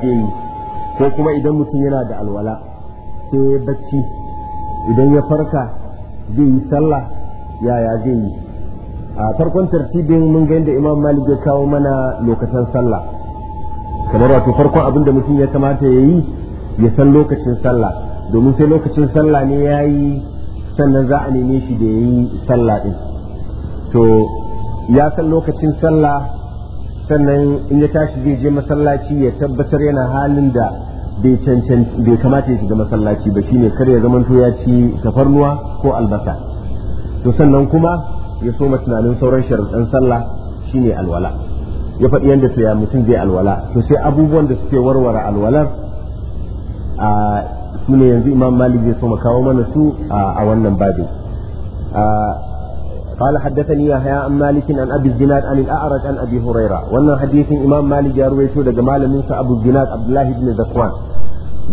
yi? ko kuma idan mutum yana da alwala sai ya bacci idan ya farka zai yi sallah yaya zai yi a farkon tartibin mun ga da imam malik ya kawo mana lokacin sallah kamar wato farkon abin da mutum ya kamata ya yi ya san lokacin sallah domin sai lokacin sallah ne ya yi sannan za a neme shi da ya yi sallah ɗin to ya san lokacin sallah sannan in ya tashi zai je masallaci ya tabbatar yana halin da bai bai kamata ya shiga masallaci ba shine kar ya zamanto ya ci tafarnuwa ko albasa to sannan kuma ya soma tunanin sauran sharuɗan sallah shine alwala ya faɗi yadda sai ya mutum zai alwala to sai abubuwan da suke warware alwalar a su ne yanzu imam malik zai soma kawo mana su a wannan babin قال حدثني يحيى عن مالك عن ابي الزناد عن الاعرج عن ابي هريره وان حديث امام مالك يروي شو دغ مالمين ابو الزناد عبد الله بن ذكوان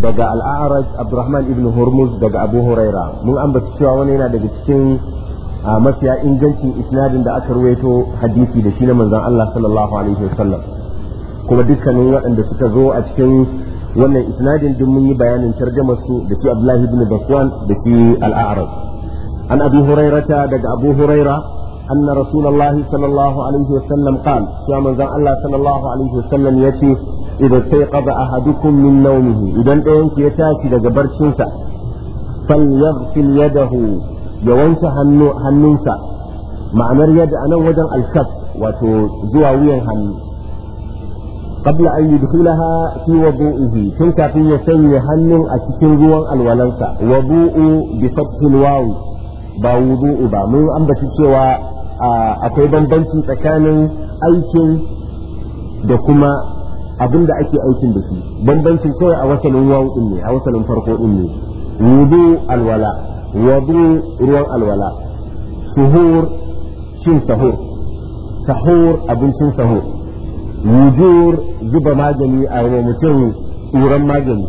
دغ الاعرج عبد الرحمن بن هرمز دغ ابو هريره من امبت cewa wana yana daga cikin mafiya ingancin isnadin da aka ruwaito hadisi da shi na manzon Allah sallallahu alaihi wasallam kuma dukkanin waɗanda suka zo a cikin wannan isnadin duk mun yi bayanin tarjamar su da shi Abdullahi ibn Bakwan da shi al-A'raj عن أبي هريرة دج أبو هريرة أن رسول الله صلى الله عليه وسلم قال يا من ذا الله صلى الله عليه وسلم يأتي إذا استيقظ أحدكم من نومه إذا أنت يتاكي دج برشنسا فليغسل يده يوانس هننسا ma'anar yadda a nan wajen alkaf wato zuwa wuyan hannu qabla an yudkhilaha fi wudu'ihi tun kafin ya sanya hannun a cikin ruwan ba wudu'u ba mun ambaci cewa akwai bambanci tsakanin aikin da kuma abin da ake aikin da shi bambancin kawai a wasalin wawu ne a wasalin farko din ne wudu alwala wudu ruwan alwala suhur shin sahur sahur abincin sahur wujur zuba magani a wa mutum tsoron magani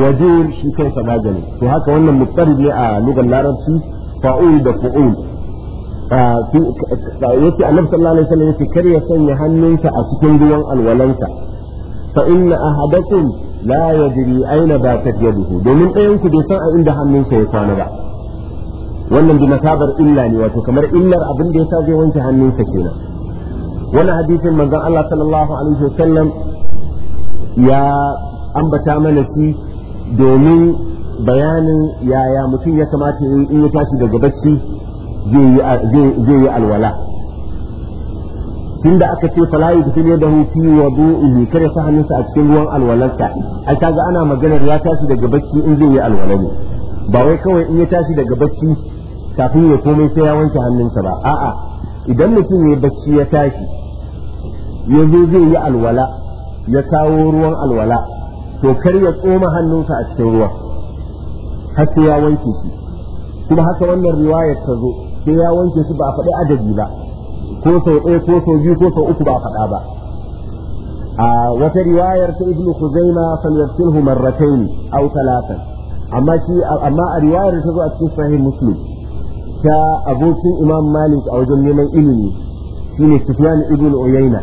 wajur shi kansa magani to haka wannan mutsari ne a lugan larabci fa'ul da fu'ul ah, yace annabi sallallahu alaihi wasallam kar ya sanya hannunsa a cikin ruwan alwalansa fa inna ahadakum la yadri aina batat yaduhu domin ɗayan ku bai san a inda hannunsa ya kwana ba wannan bi masabar illa ne wato kamar illar abin da yasa zai wanke hannunsa kenan wannan hadisin manzon Allah sallallahu alaihi wasallam ya ambata mana shi domin bayanin yaya mutum ya kamata in ya tashi daga bacci zai yi alwala tunda aka ce fala hutu wa fi ne kare sa hannunsa a cikin ruwan alwalarsa ai ga ana maganar ya tashi daga bacci in zai yi alwala ne ba wai kawai in ya tashi daga bacci kafin ya komai sai ya wanke hannunsa ba a'a idan mutum ya bacci ya tashi ya zo zai yi alwala ya kawo ruwan alwala to kar ya tsoma hannunsa a cikin ruwan har sai ya wanke shi kuma haka wannan riwayar ta zo sai ya wanke shi ba a faɗi adadi ba ko sau ɗaya ko sau biyu ko sau uku ba a faɗa ba a wata riwayar ta ibnu khuzaima falyafsilhu marratayn aw talatan amma shi amma a riwayar ta zo a cikin sahih muslim ta abokin imam malik a wajen neman ilimi shine sufyan ibnu uyayna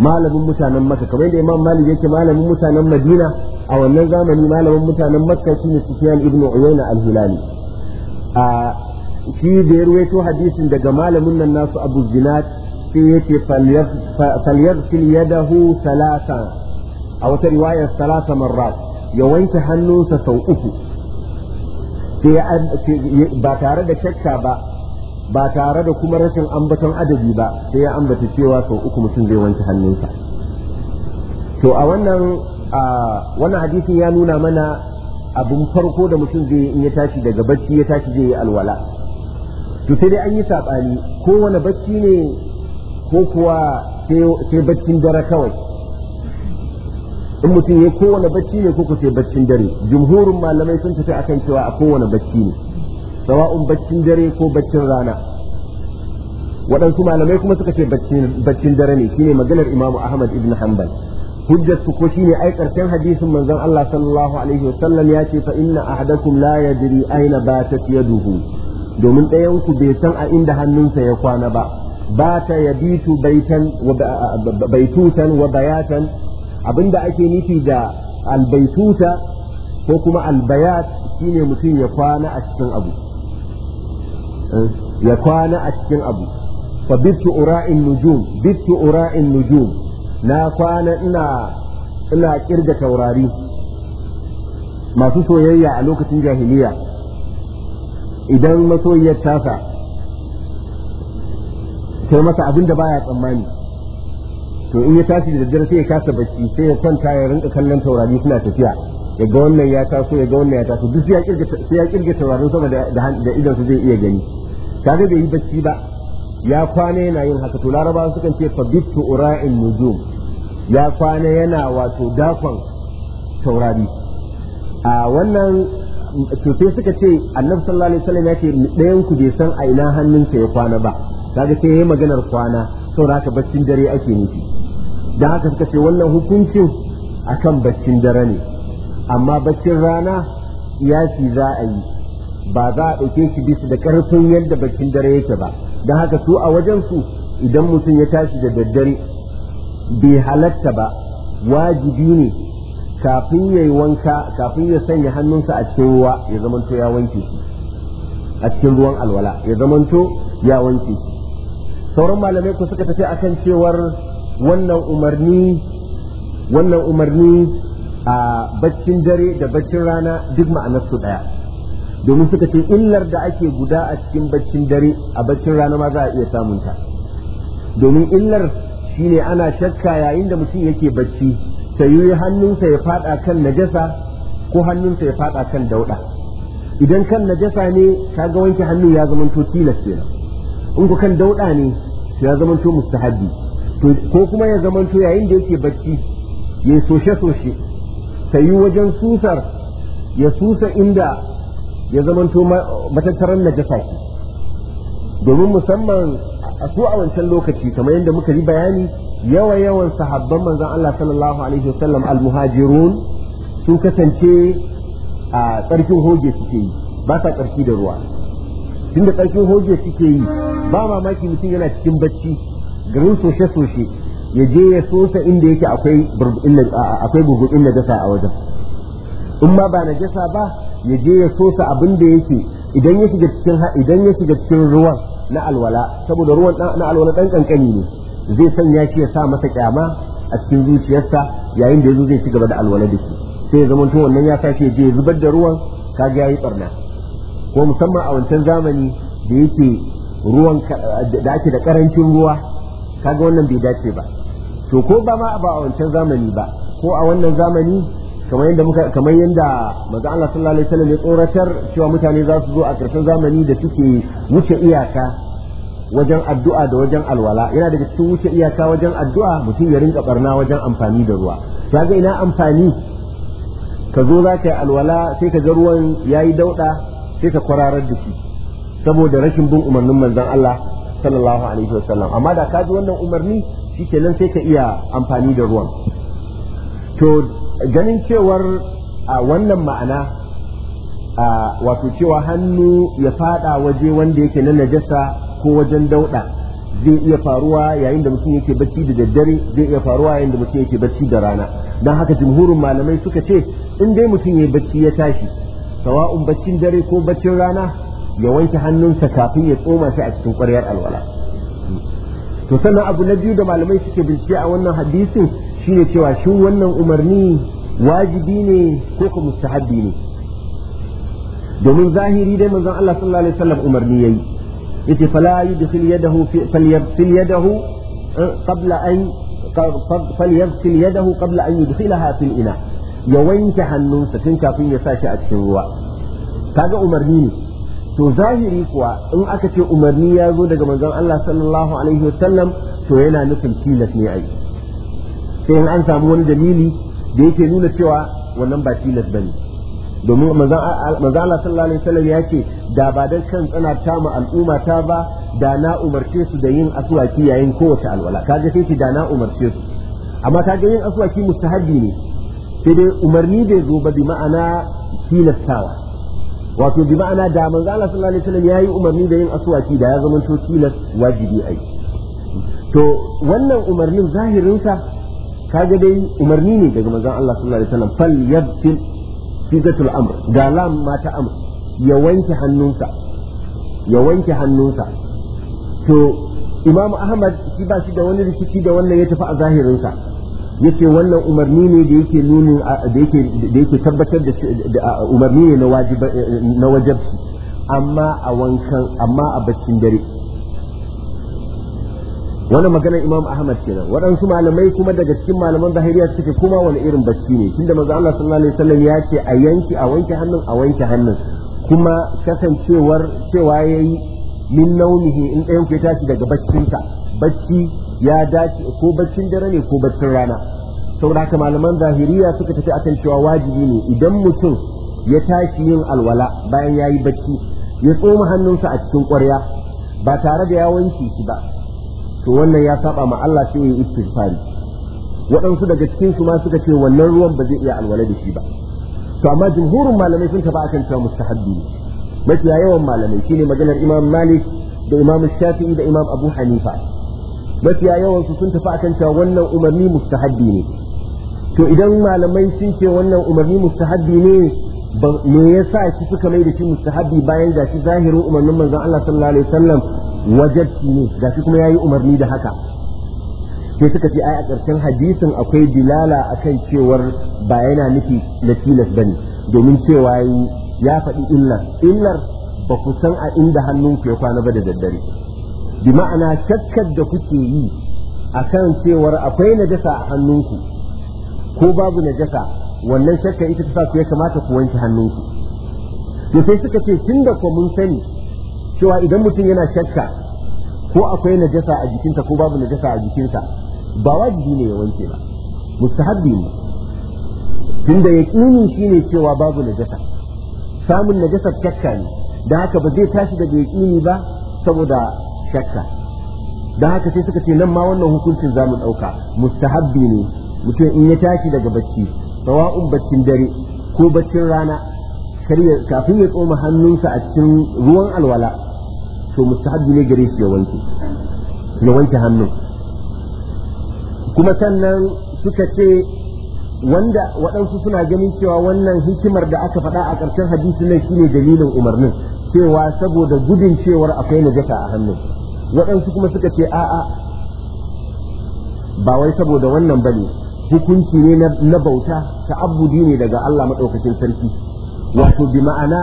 malamin mutanen maka kamar yadda imam malik yake malamin mutanen madina a wannan zamani malamin mutanen makka ne sufyan ibn uyayna al-hilali a shi da ya ruwaito hadisin daga malamin nan nasu abu zinat sai yace falyaghsil yadahu salasa a wata riwaya salasa marrat ya wanke hannunsa sau uku ba tare da shakka ba ba tare da kuma rashin ambaton adadi ba sai ya ambata cewa sau uku mutum zai wanke hannunsa to a wannan wannan hadisi ya nuna mana abin farko da mutum zai in ya tashi daga bacci ya tashi zai yi alwala to sai dai an yi saɓani kowane bacci ne ko kuwa sai baccin dare kawai in mutum ya kowane bacci ne ko ku sai baccin dare jumhurin malamai sun tafi akan cewa a kowane bacci ne sawa'un baccin dare ko baccin rana waɗansu malamai kuma suka ce baccin dare ne shine maganar imamu ahmad ibn hanbal hujjar su ko shine ai karshen hadisin manzon Allah sallallahu alaihi wasallam ya ce fa inna ahadakum la yadri aina batat yaduhu domin ɗayan ku bai san a inda hannunsa ya kwana ba bata yabitu baitan wa baitutan wa bayatan abinda ake nufi da albaituta ko kuma albayat shine mutum ya kwana a cikin abu eh, ya kwana a cikin abu fa bitu ura'in nujum bitu ura'in nujum na kwana ina ina kirga taurari masu soyayya a lokacin jahiliya idan masoyiyar tasa sai masa abin da baya tsammani to in ya tashi da daddare sai ya kasa bacci sai ya kwanta ya rinka kallon taurari suna tafiya ya ga wannan ya taso ya ga wannan ya taso duk sai ya kirga taurarin sama da idan su zai iya gani kaga bai yi bacci ba ya kwana yana yin haka to laraba sukan ce fa ura'in nujum ya kwana yana wato dakon taurari a wannan to sai suka ce annabi sallallahu alaihi wasallam ya dayan ku bai san a ina hannunsa ya kwana ba kaga sai yayi maganar kwana saboda haka baccin dare ake nufi dan haka suka ce wannan hukuncin akan baccin dare ne amma baccin rana iyasi za a yi ba za a ɗauke shi bisa da ƙarfin yadda baccin dare yake ba don haka su a wajensu idan mutum ya tashi da daddare bai halatta ba wajibi ne kafin ya yi wanka kafin ya sanya hannunsa a cikin ruwa ya zamanto ya wanke shi a cikin ruwan alwala ya zamanto ya wanke shi sauran malamai ku suka tafi akan cewar wannan umarni wannan umarni a baccin dare da baccin rana duk ma'anarsu ɗaya domin suka ce illar da ake guda a cikin baccin dare a baccin rana ma za a iya samun ta domin illar shine ana shakka yayin da mutum yake bacci ta yi hannunsa ya fada kan najasa ko hannunsa ya fada kan dauda idan kan najasa ne kaga wanke hannu ya to tilas kenan in ku kan dauda ne ya to mustahabi ko kuma ya zamanto yayin da yake bacci ya soshe soshe ta yi wajen susar ya susa inda ya zamanto matattaran najasa ce domin musamman a su a wancan lokaci kamar yadda muka yi bayani yawa yawan sahabban manzon Allah sallallahu alaihi wasallam almuhajirun sun kasance a tsarkin hoge suke yi ba sa tsarki da ruwa tunda tsarkin hoge suke yi ba mamaki mutum yana cikin bacci garin soshe-soshe ya je ya sosa inda yake akwai gurgudin najasa a wajen in ma ba najasa ba ya je ya sosa abin da yake idan ya shiga cikin idan ya shiga cikin ruwan na alwala saboda ruwan na alwala dan kankani ne zai sanya shi ya sa masa kyama a cikin zuciyarsa yayin da yazo zai ci gaba da alwala da sai ya zama zamanto wannan ya sa shi ya je zubar da ruwan kaga yayi barna ko musamman a wancan zamani da yake ruwan da ake da karancin ruwa kaga wannan bai dace ba to ko ba ma ba a wancan zamani ba ko a wannan zamani kamar yadda muka kamar yadda maza Allah sallallahu alaihi wasallam ya tsoratar cewa mutane za su zo a ƙarshen zamani da suke wuce iyaka wajen addu'a da wajen alwala yana daga cikin wuce iyaka wajen addu'a mutum ya rinka barna wajen amfani da ruwa kaga ina amfani ka zo za ka yi alwala sai ka ga ruwan yayi dauɗa sai ka kwararar da shi saboda rashin bin umarnin manzon Allah sallallahu alaihi wasallam amma da ka ji wannan umarni shikenan sai ka iya amfani da ruwan to ganin cewar a wannan ma'ana wato cewa hannu ya fada waje wanda yake na najasa ko wajen dauda zai iya faruwa yayin da mutum yake bacci da daddare zai iya faruwa yayin da mutum yake bacci da rana don haka jumhurin malamai suka ce in dai mutum ya bacci ya tashi sawa'un baccin dare ko baccin rana ya wanke hannunsa kafin ya tsoma shi a cikin kwaryar alwala to sannan abu na biyu da malamai suke bincike a wannan hadisin ne cewa shi wannan umarni wajibi ne ko ko mustahabbi ne domin zahiri dai manzon Allah sallallahu alaihi wasallam umarni yayi yace fala yudkhil yadahu fi falyaghsil yadahu eh, qabla an falyaghsil yadahu qabla an yudkhilaha fil ina ya wanke hannunsa tun kafin ya sashi a cikin ruwa kaga umarni ne to zahiri kuwa in aka ce umarni ya zo daga manzon Allah sallallahu alaihi wasallam to yana nufin tilas ne a yi sai an samu wani dalili da yake nuna cewa wannan ba tilas bane domin manzo Allah sallallahu alaihi wasallam ya ce da ba dan kan tsana ta ma al'umma ta ba da na umarce su da yin aswaki yayin kowace alwala kaga sai da na umarce su amma kaga yin aswaki mustahabbi ne sai dai umarni bai zo ba bi ma'ana tilastawa wato bi ma'ana da manzo Allah sallallahu alaihi wasallam yayi umarni da yin aswaki da ya zama to tilas wajibi ai to wannan umarnin zahirinsa kaga dai umarni ne daga manzon Allah sallallahu alaihi wasallam fal yabsil sigatul amr ga lam ma ta amr ya wanke hannunsa ya wanke hannunsa to imam ahmad shi ba shi da wani rikici da wannan ya tafi a zahirinsa yace wannan umarni ne da yake nuni da yake da yake tabbatar da umarni ne na wajibi na wajibi amma a wankan amma a baccin dare wani maganar imam ahmad nan waɗansu malamai kuma daga cikin malaman zahiriya suke kuma wani irin bacci ne tunda maza Allah sallallahu alaihi wasallam ya ce a yanki a wanke hannun a wanke hannun kuma kasancewar cewa ya yi min naunihi in ɗayan ku ya tashi daga baccinka bacci ya dace ko baccin dare ne ko baccin rana saboda haka malaman zahiriya suka tafi akan cewa wajibi ne idan mutum ya tashi yin alwala bayan ya yi bacci ya tsoma hannunsa a cikin ƙwarya ba tare da ya wanke shi ba to wannan ya saba ma Allah sai ya yi istighfari waɗansu daga cikin su ma suka ce wannan ruwan ba zai iya alwala da shi ba to amma jumhurin malamai sun taba akan cewa mustahabbi ne mafiya yawan malamai shine maganar Imam Malik da Imam Shafi'i da Imam Abu Hanifa mafiya yawan su sun tafi akan cewa wannan umarni mustahabbi ne to idan malamai sun ce wannan umarni mustahabbi ne me yasa shi suka mai da shi mustahabbi bayan ga shi zahirin umarnin manzon Allah sallallahu alaihi wasallam wajabci ne gashi kuma ya yi umarni da haka sai suka ce ai a ƙarshen hadisin akwai bilala akan cewar ba yana nufi na tilas bane domin cewa ya faɗi illar illar ba ku san a inda hannun ku ya kwana ba da daddare bi ma'ana shakkar da kuke yi akan cewar akwai najasa a hannunku ko babu najasa wannan shakka ita ta sa ku ya kamata ku wanke hannunku to sai suka ce tunda ku mun sani cewa idan mutum yana shakka ko akwai najasa a jikinsa ko babu najasa a jikinsa ba wajibi ne ya wanke ba mustahabbi ne tunda yaqini shine cewa babu najasa samun najasa shakka ne dan haka ba zai tashi daga yaqini ba saboda shakka dan haka sai suka ce nan ma wannan hukuncin zamu dauka mustahabbi ne mutum in ya tashi daga bacci sawa'un baccin dare ko baccin rana kafin ya tsoma hannunsa a cikin ruwan alwala to mustahabbi ne gare shi ya wanke ya wanke hannun kuma sannan suka ce wanda waɗansu suna ganin cewa wannan hikimar da aka faɗa a ƙarshen hadisi nan shine dalilin umarnin cewa saboda gudun cewar akwai najasa a hannun waɗansu kuma suka ce a'a ba wai saboda wannan bane hukunci ne na bauta ta ta'abbudi ne daga Allah maɗaukacin sarki wato bi ma'ana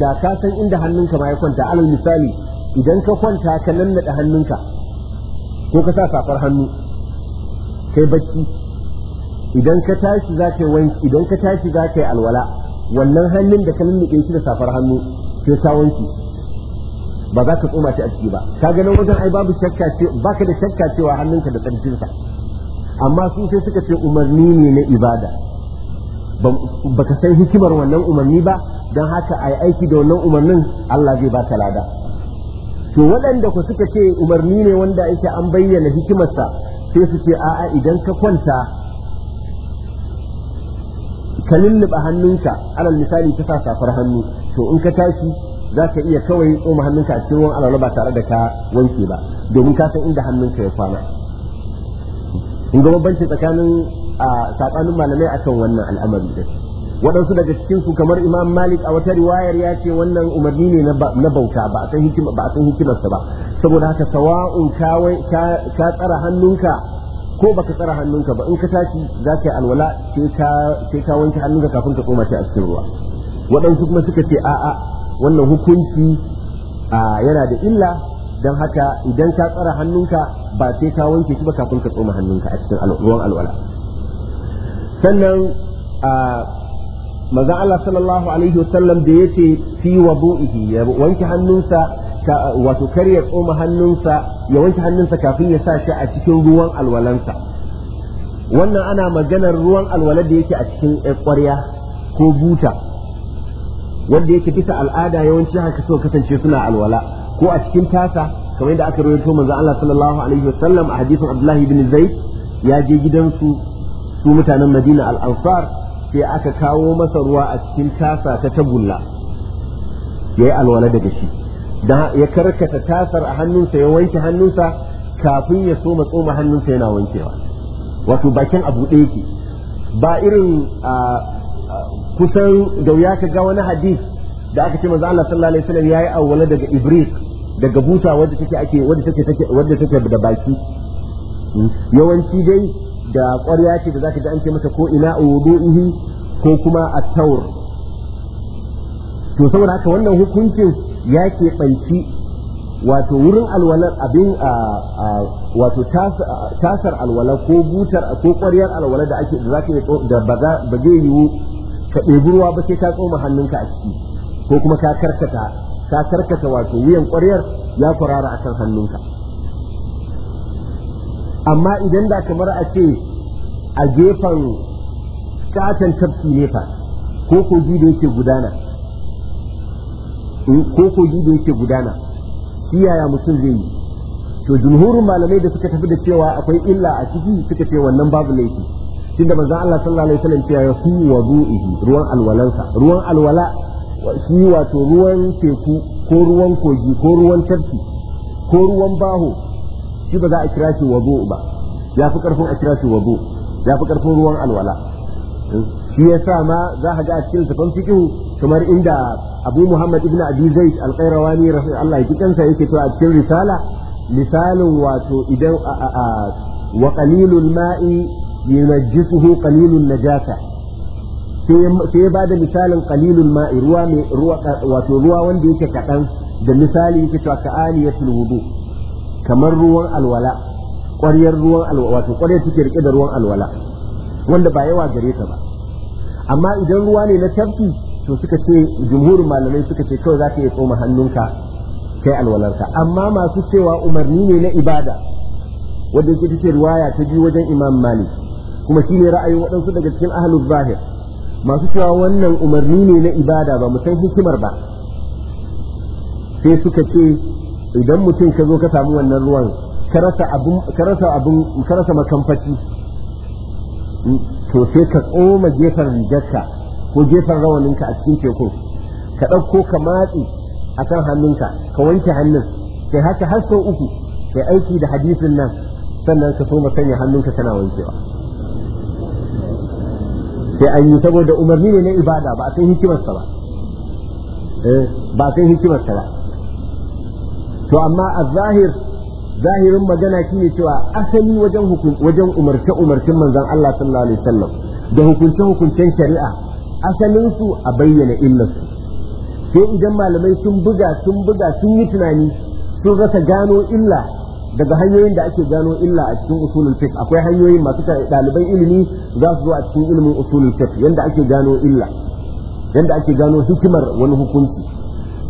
da ka san inda hannunka ma ya kwanta alal misali idan ka kwanta ka nannaɗe hannunka ko ka sa safar hannu kai bacci idan ka tashi za ka wanki idan ka tashi za ka yi alwala wannan hannun da ka nannaɗe shi da safar hannu sai ka wanki ba za ka tsoma shi a ciki ba ka ga nan wajen ai babu shakka ce baka da shakka cewa hannunka da tsarkinsa amma su sai suka ce umarni ne na ibada baka san hikimar wannan umarni ba don haka a yi aiki da wannan umarnin Allah zai baka lada to waɗanda ku suka ce umarni ne wanda yake an bayyana hikimarsa sai su ce a'a idan ka kwanta ka lulluɓa hannunka alal misali ta sa safar hannu to in ka tashi za ka iya kawai tsoma hannunka a cikin ruwan alwala ba tare da ka wanke ba domin ka san inda hannunka ya kwana in ga bambanci tsakanin a sabanin malamai akan wannan al'amari da waɗansu daga cikin su kamar Imam Malik a wata riwayar ya ce wannan umarni ne na bauta ba a san hikimarsa ba saboda haka sawa'un ka tsara hannunka ko baka tsara hannunka ba in ka tashi za ka yi alwala sai ka wanke hannunka kafin ka koma shi a cikin ruwa waɗansu kuma suka ce a'a wannan hukunci yana da illa don haka idan ka tsara hannunka ba sai ka wanke shi ba kafin ka tsoma hannunka a cikin ruwan alwala sannan manzon Allah sallallahu alaihi wasallam da yace fi wudu'ihi ya wanke hannunsa wato kar ya tsoma hannunsa ya wanke hannunsa kafin ya sa shi a cikin ruwan alwalansa wannan ana maganar ruwan alwala da yake a cikin eh, ƙwarya ko buta wanda yake bisa al'ada yawanci haka so kasance suna alwala ko a cikin tasa kamar yadda aka rawaito manzon Allah sallallahu alaihi wasallam a hadisin Abdullahi ibn Zaid ya je gidansu su mutanen madina al-ansar sai aka kawo masa ruwa a cikin tasa ta tagulla ya yi alwala daga shi ya karkata tasar a hannunsa ya wanke hannunsa kafin ya so tsoma hannunsa yana wankewa wato bakin abu ɗaya ke ba irin kusan da ya ka ga wani hadis da aka ce maza Allah sallallahu alaihi wasallam yayi awwala daga ibrik daga buta wadda take ake wadda take wadda take da baki yawanci dai da ƙwarya ce da ka ji an ce mata ko ina a wudu'ihi ko kuma a taur to saboda haka wannan hukuncin ya ke ɓanci wato wurin alwalar abin a wato tasar alwala ko butar ko ƙwaryar alwala da ake da ka yi da ba zai yiwu ka ɗebi ba sai ka tsoma hannunka a ciki ko kuma ka karkata wato wuyan ƙwaryar ya kwarara a kan hannunka amma idan da kamar a ce a gefen katon tafki ne fa ko kogi da yake gudana eh, ko kogi da yake gudana shi yaya mutum zai yi to jumhurin malamai da suka tafi da cewa akwai illa a ciki suka ce wannan babu laifi da manzon Allah sallallahu alaihi wasallam cewa yahu wudu'ihi ruwan alwalansa ruwan alwala shi wato ruwan teku ko ruwan kogi ko ruwan tafki ko ruwan baho shi ba za a kira shi wazo ba ya fi karfin a kira shi wazo ya fi karfin ruwan alwala shi ya sa ma za ka ga a cikin tafan fiqhu kamar inda Abu Muhammad ibn Abi Zaid al-Qayrawani Allah ya kikansa yake to a cikin risala misalin wato idan wa qalilul ma'i yunajjisuhu qalilun najasa sai ya da misalin qalilul ma'i ruwa mai ruwa wato ruwa wanda yake kadan da misali yake to ka aliyatul wudu' kamar ruwan alwala ƙwaryar ruwan alwala wato ƙwaryar take rike da ruwan alwala wanda ba yawa gare ta ba amma idan ruwa ne na tafki to suka ce jumhurin malamai suka ce kawai za ka iya tsoma hannunka kai alwalarka amma masu cewa umarni ne na ibada wanda yake take riwaya ta biyu wajen imam malik kuma shine ra'ayin waɗansu daga cikin ahlul zahir masu cewa wannan umarni ne na ibada ba mu san hikimar ba sai suka ce idan mutum ka zo ka samu wannan ruwan karasa abin makamfaci mm, to sai ka tsoma gefen rigarka ko gefen rawaninka a cikin teku ka ɗauko ka matsi a kan hannunka ka wanke hannun sai haka har sau uku sai aiki da hadisin nan sannan ka so sanya hannunka kana wankewa sai an yi saboda umarni ne na ibada ba a kai hikimarsa ba eh, ba a hikimarsa ba to amma a zahir zahirin magana shine cewa asali wajen wajen umarce umarcin manzon Allah sallallahu alaihi wasallam da hukunce hukuncen shari'a asalin su a bayyana illar su sai idan malamai sun buga sun buga sun yi tunani sun rasa gano illa daga hanyoyin da ake gano illa a cikin usulul fiqh akwai hanyoyin masu ɗaliban ilimi za su zo a cikin ilimin usulul fiqh yanda ake gano illa yanda ake gano hikimar wani hukunci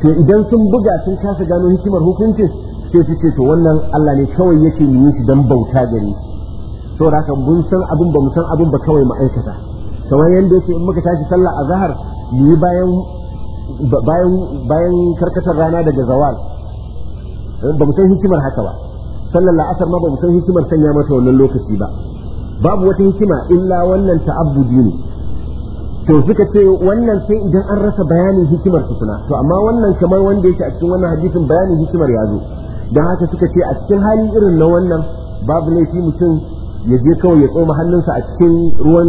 to idan sun buga sun kasa gano hikimar hukuncin sai su ce to wannan Allah ne kawai yake yi shi dan bauta gare shi da haka mun san abin ba mu san abin ba kawai mu aikata kamar yanda yake in muka tashi sallah a zahar mu yi bayan bayan bayan karkatar rana daga zawal eh, ba mu san hikimar haka ba sallar la'asar ma ba mu san hikimar sanya mata wannan lokaci ba babu wata hikima illa wannan ta'abbudi ne to suka ce wannan sai idan an rasa bayanin hikimar suna, to amma wannan kamar wanda yake a cikin wannan hadisin bayanin hikimar ya zo don haka suka ce a cikin hali irin na wannan babu laifi mutum ya je kawai ya tsoma hannunsa a cikin ruwan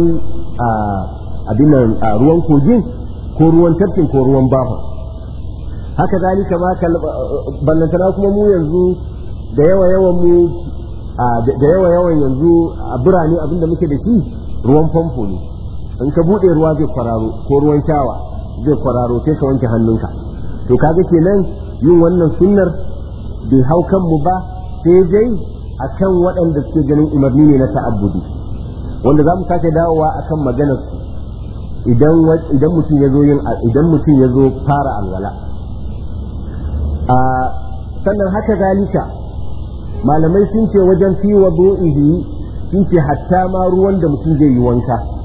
abin nan ruwan kogin ko ruwan tafkin ko ruwan bafa haka zalika ma ballantana kuma mu yanzu da yawa yawan mu da yawa yawan yanzu a birane abinda muke da shi ruwan famfo ne in ka buɗe ruwa zai kwararo ko ruwan shawa zai kwararo sai ka wanke hannunka to kaga kenan yin wannan sunnar bai hau mu ba sai dai akan waɗanda suke ganin umarni ne na ta'abbudi wanda za mu sake dawowa akan maganar su idan mutum ya zo yin idan mutum ya fara alwala a sannan haka zalika malamai sun ce wajen fi wadu'ihi sun ce hatta ma ruwan da mutum zai yi wanka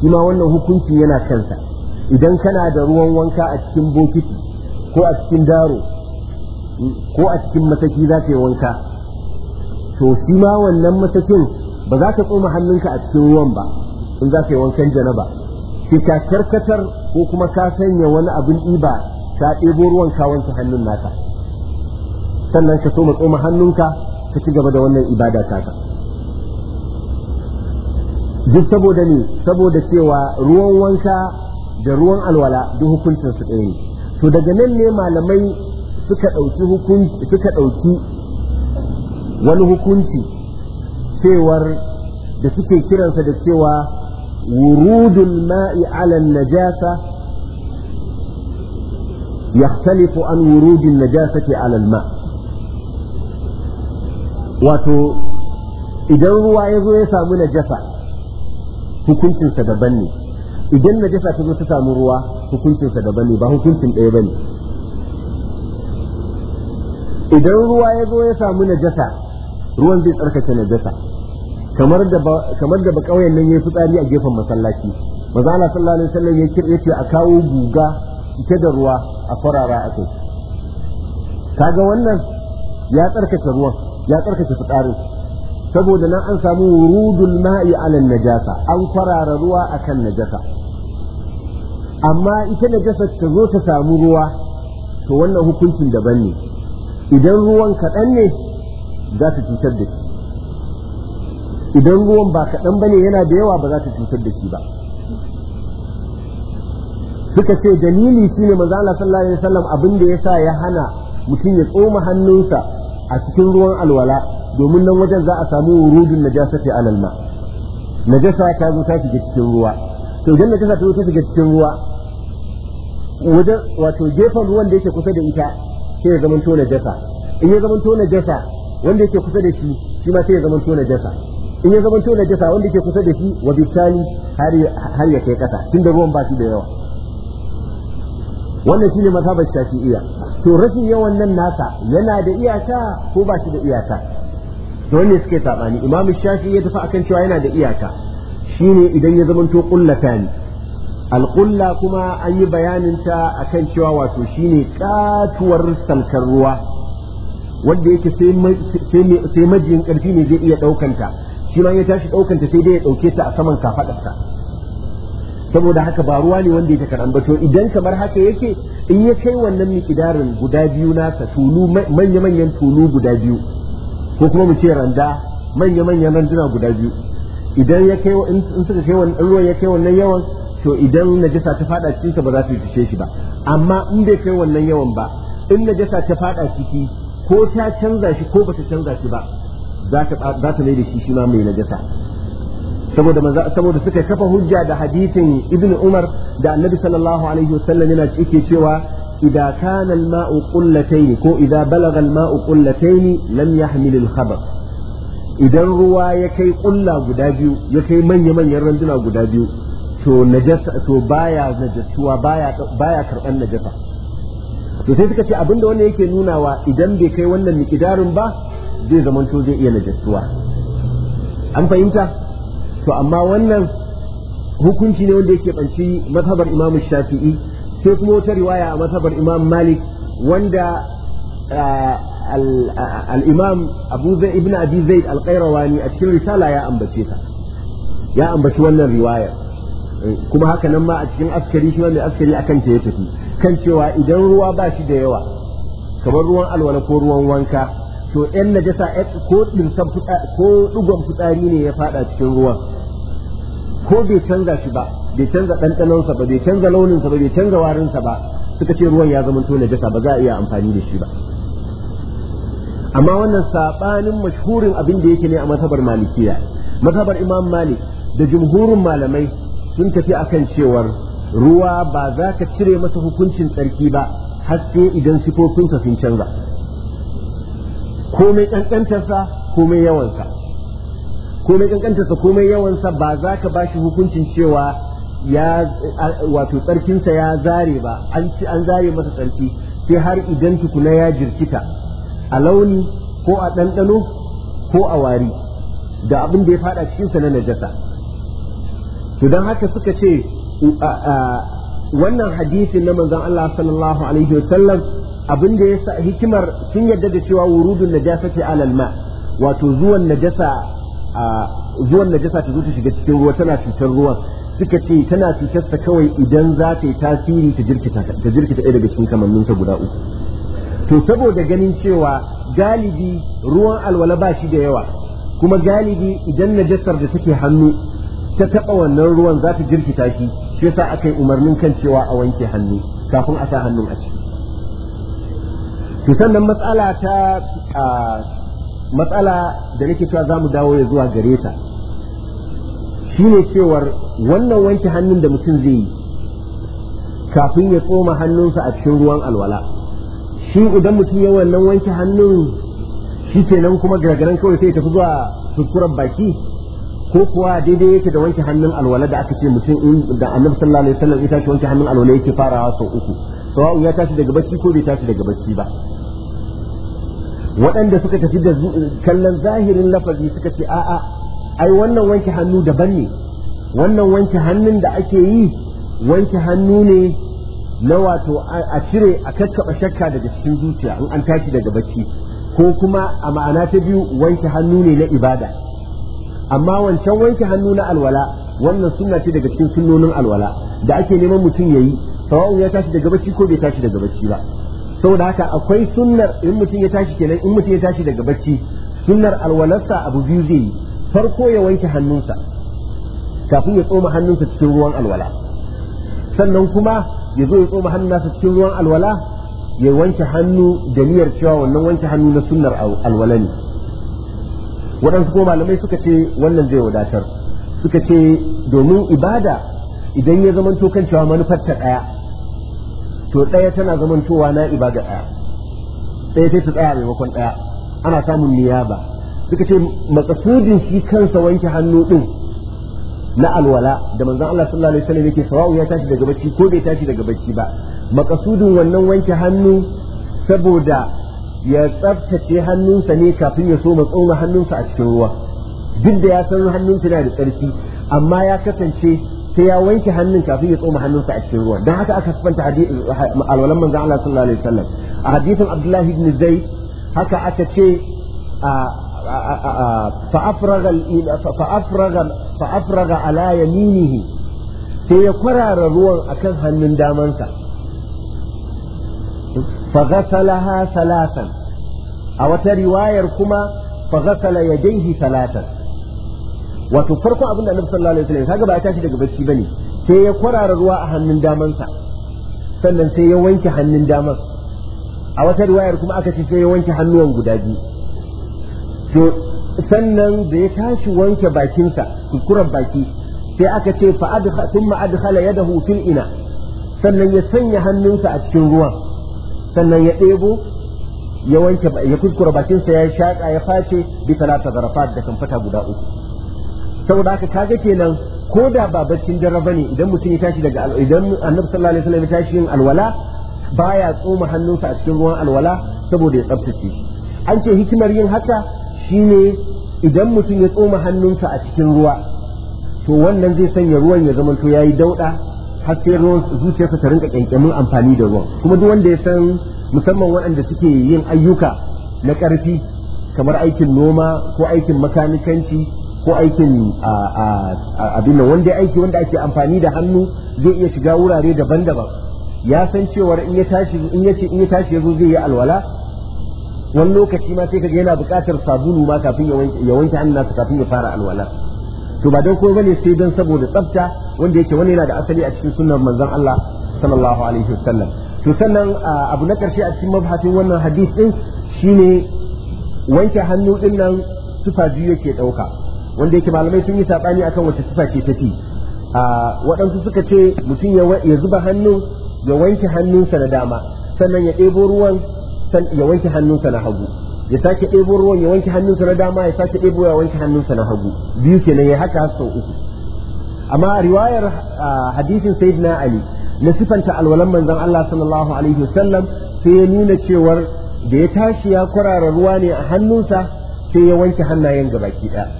shi ma wannan hukunci yana kansa idan kana da ruwan wanka a cikin bokiti ko a cikin daro ko a cikin mataki za ka yi wanka to shi ma wannan matakin ba za ka tsoma hannunka a cikin ruwan ba in za ka yi wankan janaba sai ka karkatar ko kuma ka sanya wani abin ɗiba ka ɗebo ruwan ka wanke hannun naka sannan ka so tsoma hannunka ka ci gaba da wannan ibada taka. duk saboda ne saboda cewa ruwan wanka da ruwan alwala duk hukuncin su ɗaya ne to daga nan ne malamai suka ɗauki hukunci suka ɗauki wani hukunci cewar da suke kiransa da cewa wurudul ma'i ala najasa yaxtalifu an wurudin najasati ala ma wato idan ruwa ya zo ya samu najasa hukuncinsa daban ne idan najasa ta zo ta samu ruwa hukuncinsa daban ne ba hukuncin ɗaya ba ne idan ruwa ya zo ya samu najasa ruwan zai tsarkake najasa kamar da kamar da bakauyen nan yayi fitsari a gefen masallaci maza Allah sallallahu alaihi wasallam ya kirye ce a kawo guga ita da ruwa a farara a kai kaga wannan ya tsarkake ruwan ya tsarkake fitsarin saboda nan an samu wurudul ma'i ala najasa an kwarara ruwa akan najasa amma ita najasa ta zo ta samu ruwa to wannan hukuncin daban ne idan ruwan kaɗan ne za ta cutar da shi idan ruwan ba kaɗan ba ne yana da yawa ba za ta cutar da shi ba suka ce dalili shine manzo Allah sallallahu alaihi wasallam abin da yasa ya hana mutum ya tsoma hannunsa a cikin ruwan alwala domin nan wajen za a samu wurudin najasa ta alal ma najasa ta zo ta shiga cikin ruwa to idan najasa ta zo ta shiga cikin ruwa wajen wato gefen ruwan da yake kusa da ita sai ya zamanto najasa in ya zamanto najasa wanda yake kusa da shi shi ma sai ya zamanto najasa in ya zamanto najasa wanda yake kusa da shi wa bisani har ya kai kasa tunda ruwan ba shi da yawa wannan shine mazhabar shafi'iyya to rashin yawan nan nasa yana da iyaka ko ba shi da iyaka da wanne suke sabani imamu shafi ya tafi akan cewa yana da iyaka shine idan ya zamanto ni. Alƙulla kuma an yi bayanin ta akan cewa wato shine katuwar salkar ruwa wanda yake sai majiyin karfi ne zai iya ɗaukanta, shi ma ya tashi ɗaukanta sai dai ya ɗauke ta a saman kafaɗarsa. saboda haka ba ruwa ne wanda yake karan bato idan kamar haka yake in ya kai wannan mikidarin guda biyu nasa tulu manya-manyan tulu guda biyu ko kuma mu ce randa manya-manyan randuna guda biyu idan ya kai in suka kai wannan ruwan ya kai wannan yawan to idan najasa ta fada cikin sa ba za ta fice shi ba amma in bai kai wannan yawan ba in najasa ta fada ciki ko ta canza shi ko bata canza shi ba za ta za ta da shi shi ma mai najasa saboda manzo saboda suka kafa hujja da hadisin ibn umar da annabi sallallahu alaihi wasallam yana yake cewa إذا كان الماء قلتين كو إذا بلغ الماء قلتين لم يحمل الخبر إذا روا يكي قلا قدابيو يكي من يمن يرندنا قدابيو to najasa to baya najasuwa baya baya karban najasa to sai suka ce abinda wannan yake nunawa idan bai kai wannan mikidarin ba zai zamanto zai iya najasuwa an fahimta to amma wannan hukunci ne wanda yake banci mazhabar imamu shafi'i sai kuma wata riwaya a masabar imam malik wanda al-imam abu zai ibn abi zaid ne a cikin risala ya ambace ta ya ambaci wannan riwayar kuma haka nan ma a cikin askari shi mai askari akan ta ya tafi kan cewa idan ruwa ba shi da yawa kamar ruwan alwala ko ruwan wanka to yan najasa ko dinsan ko dugon fitsari ne ya fada cikin ruwan ko bai canza shi ba bai canza ɗanɗanonsa ba bai canza launinsa ba bai canza warinsa ba suka ce ruwan ya zama tona jasa ba za a iya amfani da shi ba amma wannan saɓanin mashhurin abin da yake ne a masabar malikiya masabar imam malik da jumhurin malamai sun tafi akan cewar ruwa ba za ka cire masa hukuncin tsarki ba har sai idan sifofinsa sun canza komai ƙanƙantarsa komai yawansa komai ƙanƙantarsa komai yawansa ba za ka ba shi hukuncin cewa ya wato tsarkinsa ya zare ba an ci an zare masa tsarki sai har idan tukuna ya jirkita a launi ko a ɗanɗano ko a wari da abin da ya faɗa cikinsa na najasa to don haka suka ce wannan hadisin na manzon Allah sallallahu alaihi wasallam abin da ya hikimar sun yadda da cewa wurudun najasati alal ma wato zuwan najasa zuwan najasa ta zo ta shiga cikin ruwa tana cutar ruwan suka ce tana cutarsa kawai idan za ta yi tasiri ta jirkita ta ɗaya daga cikin ta guda uku to saboda ganin cewa galibi ruwan alwala ba shi da yawa kuma galibi idan najasar da take hannu ta taɓa wannan ruwan za ta jirkita shi shi yasa aka yi umarnin kan cewa a wanke hannu kafin a sa hannun a ciki to sannan matsala matsala da nake cewa za mu dawo ya zuwa gare ta shine cewar wannan wanke hannun da mutum zai yi kafin ya tsoma hannunsa a cikin ruwan alwala shi idan mutum ya wannan wanke hannun shi kenan kuma gargaran kawai sai tafi zuwa sukurar baki ko kuwa daidai yake da wanke hannun alwala da aka ce mutum in da annabi sallallahu alaihi wasallam ita ce wanke hannun alwala yake farawa sau uku sawa'u ya tashi daga bacci ko bai tashi daga bacci ba waɗanda suka tafi da kallon zahirin lafazi suka ce a'a ai wannan wanke hannu daban ne wannan wanke hannun da ake yi wanke hannu ne na wato a cire a kakkaɓa shakka daga cikin zuciya in an tashi daga bacci ko kuma a ma'ana ta biyu wanke hannu ne na ibada amma wancan wanke hannu na alwala wannan suna ce daga cikin sunnonin alwala da ake neman mutum ya yi sawa'un ya tashi daga bacci ko bai tashi daga bacci ba saboda haka akwai sunnar in mutum ya tashi kenan in mutum ya tashi daga bacci sunnar alwalarsa abu biyu zai yi farko ya wanke hannunsa kafin ya tsoma hannunsa cikin ruwan alwala sannan kuma ya zo ya tsoma hannunsa cikin ruwan alwala ya wanke hannu da niyyar cewa wannan wanke hannu na sunnar alwala ne waɗansu ko malamai suka ce wannan zai wadatar suka ce domin ibada idan ya zamanto kan cewa manufar ta ɗaya to ɗaya tana zamantowa na ibada ɗaya ɗaya sai ta tsaya maimakon ɗaya ana samun niyaba suka ce makasudin shi kansa wanke hannu din na alwala da manzon Allah sallallahu alaihi wasallam yake sawa'u ya tashi daga bacci ko bai tashi daga bacci ba makasudin wannan wanke hannu saboda ya tsaftace hannunsa ne kafin ya so tsoma hannunsa a cikin ruwa duk da ya san hannunsa yana da tsarki amma ya kasance sai ya wanke hannun kafin ya tsoma hannunsa a cikin ruwa don haka aka sifanta alwalan manzon Allah sallallahu alaihi wasallam a hadisin Abdullahi ibn Zaid haka aka ce a فأفرغ فأفرغ فأفرغ على يمينه سيقرر روى أكنها من دامنسا فغسلها ثلاثا أو رواية كما فغسل يديه ثلاثا وتفرق أبن النبي صلى الله عليه وسلم هذا بقى تاشي daga bacci bane sai ya kwarara ruwa a hannun damansa sannan sai ya wanke hannun daman a wata riwayar kuma aka ce sai ya wanke hannuwan guda biyu to sannan da ya tashi wanke bakinsa kuskuren baki sai aka ce fa adkha thumma adkhala yadahu fil ina sannan ya sanya hannunsa a cikin ruwan sannan ya ɗebo ya wanke ya kuskura bakinsa ya shaka ya face bi talata zarafat da fata guda uku saboda haka kaga kenan ko da ba baccin dare bane idan mutum ya tashi daga idan annabi sallallahu alaihi wasallam ya tashi yin alwala baya tsoma hannunsa a cikin ruwan alwala saboda ya tsaftace an ce hikimar yin haka Shi ne idan mutum ya tsoma hannunsa a cikin ruwa to wannan zai sanya ruwan ya zama to yayi dauɗa har sai ruwan zuciyarsa ta rinka kyankyamin amfani da ruwan kuma duk wanda ya san musamman waɗanda suke yin ayyuka na ƙarfi kamar aikin noma ko aikin makanikanci ko aikin abin nan wanda aiki wanda ake amfani da hannu zai iya shiga wurare daban-daban ya san cewar in ya tashi in ya ce zai yi alwala wani lokaci ma sai kaga yana buƙatar sabulu ma kafin ya wanke hannun nasa kafin ya fara alwala to ba dan ko ne sai dan saboda tsafta wanda yake wani yana da asali a cikin sunnar manzon Allah sallallahu alaihi wasallam to sannan abu na karshe a cikin mabhasin wannan hadis din shine wanke hannu din nan tufa biyu yake dauka wanda yake malamai sun yi sabani akan wace tufa ke tafi waɗansu suka ce mutum ya zuba hannu ya wanke hannunsa na dama sannan ya ɗebo ruwan ya wanke hannunsa na hagu ya sake ɗebo ruwan ya wanke hannunsa na dama ya sake ɗebo ya wanke hannunsa na hagu biyu kenan ya haka sau uku amma a riwayar hadisin sayyidina ali na sifanta alwalan manzon Allah sallallahu alaihi wasallam sai ya nuna cewar da ya tashi ya kwarara ruwa ne a hannunsa sai ya wanke hannayen gabaki ɗaya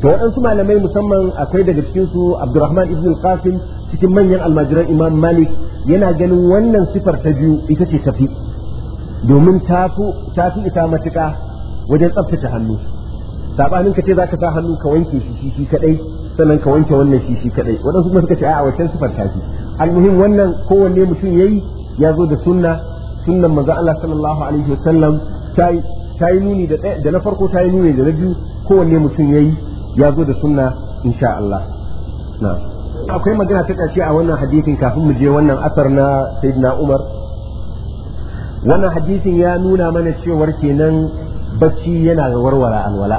to waɗansu malamai musamman akwai daga cikin su Abdurrahman ibn Qasim cikin manyan almajiran Imam Malik yana ganin wannan sifar ta biyu ita ce tafi domin ta fi isa matuƙa wajen tsaftace hannu sabanin ka ce za ka sa hannu ka wanke shi shi shi kadai sannan ka wanke wannan shi shi kadai waɗansu kuma suka ce a wancan sifar tafi almuhim wannan kowanne mutum ya yi ya zo da sunna sunnan manzo Allah sallallahu alaihi wa wasallam ta yi nuni da da na farko ta yi nuni da na biyu kowanne mutum ya yi ya zo da sunna insha Allah na'am akwai magana ta ƙarshe a wannan hadisin kafin mu je wannan asar na sayyidina Umar wannan hadisin ya nuna mana cewar kenan bacci yana da warware alwala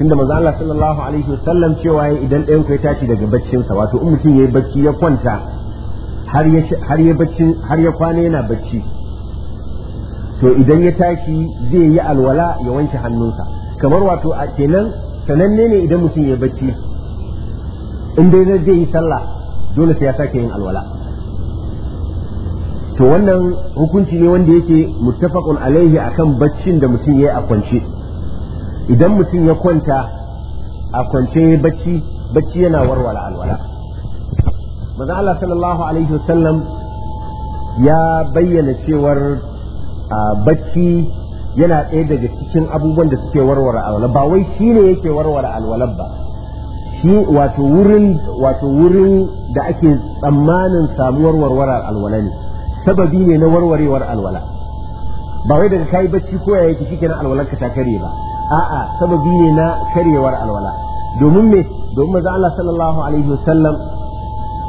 tunda manzo Allah sallallahu alaihi wasallam cewa idan ɗayan ku ya tashi daga baccinsa wato in mutum yayi bacci ya kwanta har ya har ya bacci har ya kwana yana bacci to idan ya tashi zai yi alwala ya wanke hannunsa kamar wato a kenan sananne ne idan mutum ya bacci in dai zai yi sallah dole sai ya sake yin alwala to wannan hukunci ne wanda yake muttafaqun alaihi akan baccin da mutum ya a kwance idan mutum ya kwanta a kwance bacci bacci yana warwala alwala manzo Allah sallallahu alaihi wasallam ya bayyana cewar bacci yana ɗaya daga cikin abubuwan da suke warware alwala ba wai shi ne yake warware alwala ba shi wato wurin wato wurin da ake tsammanin samuwar warware alwala ne sababi ne na warwarewar alwala ba wai daga kai bacci ko ya yake na alwalar ka ta kare ba a'a sababi ne na karewar alwala domin me domin manzo Allah sallallahu alaihi wasallam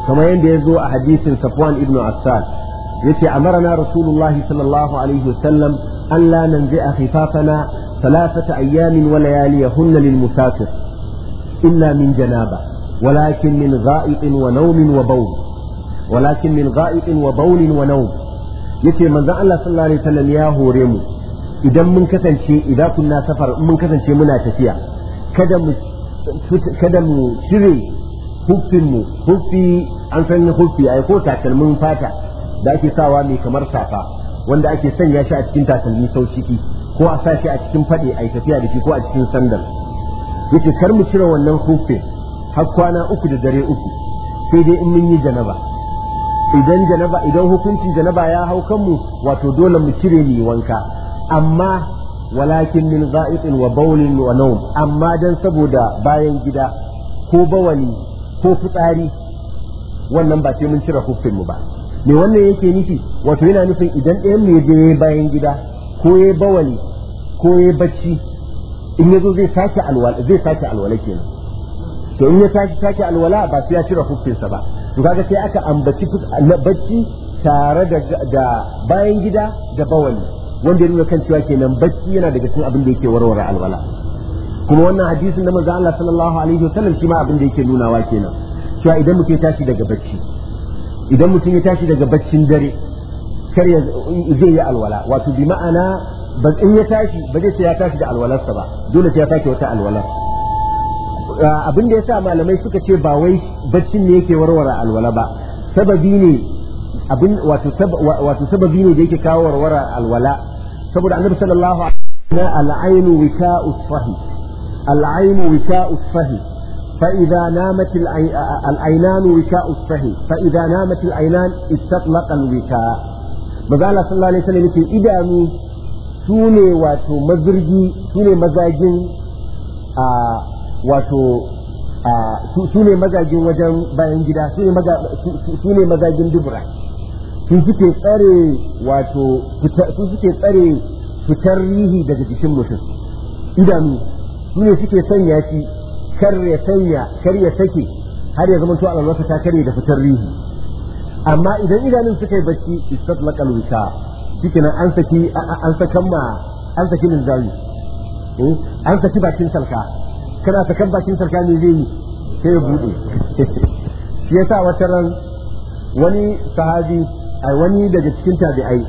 kamar yadda ya zo a hadisin Safwan ibn Assal yace amarna rasulullahi sallallahu alaihi wasallam an la nanzi'a khifafana thalathata ayyamin wa layaliyahunna lil musafir illa min janaba walakin min gha'iqin wa nawmin wa walakin min ga'itin wa baunin wa yace manzon Allah sallallahu alaihi wasallam ya hore mu idan mun kasance idan kunna safar mun kasance muna tafiya kada mu kada mu cire hufin mu hufi an san huffi ai ko takalmin fata da ake sawa mai kamar safa wanda ake sanya shi a cikin takalmi sau ciki ko a sa shi a cikin fade ai tafiya da shi ko a cikin sandal yace kar mu cire wannan huffin har kwana uku da dare uku sai dai in mun yi janaba idan janaba idan hukuncin janaba ya hau kanmu wato dole mu cire mu wanka amma walakin min za'iqin wa bawlin wa nawm amma dan saboda bayan gida ko bawali ko fitsari wannan ba sai mun cire hukuncin mu ba me wannan yake nufi wato yana nufin idan ɗayan mu je bayan gida ko ya bawali ko ya bacci in yazo zai sake alwala zai sake alwala kenan to in ya sake sake alwala ba sai ya cire sa ba to kaga sai aka ambaci na bacci tare da bayan gida da bawali wanda ya nuna kan cewa kenan bacci yana daga cikin abin da yake warware alwala kuma wannan hadisin na manzo Allah sallallahu alaihi wasallam shi ma abin da yake nunawa kenan cewa idan mutum ya tashi daga bacci idan mutum ya tashi daga baccin dare kar ya zai yi alwala wato bi ma'ana in ya tashi ba zai ce ya tashi da alwalarsa ba dole sai ya sake wata alwalarsa. abin da yasa malamai suka ce ba wai baccin ne yake warware alwala ba sababi ne abin wato sababi ne da yake kawo warware alwala saboda annabi sallallahu alaihi wasallam al-ainu wika'u sahi al-ainu wika'u sahi فإذا نامت العينان وكاء الصحي فإذا نامت العينان استطلق الوكاء مزالة صلى الله عليه وسلم يقول إذا سوني واتو مزرجي سوني مزاجين wato su ne mazajin wajen bayan gida su ne mazajin dubura su suke tsare wato su suke tsare fitar rihi daga jikin mutum idanu su ne suke sanya shi karya sanya karya sake har ya zama to alwasa ta karya da fitar rihi amma idan idanun suka yi bacci istatlaqal wika shikenan an saki an sakan ma an saki linzali eh, an saki bakin salka kana sakan bakin sarkani zai yi sai ya bude shi yasa wata ran wani sahabi ai wani daga cikin tabi'ai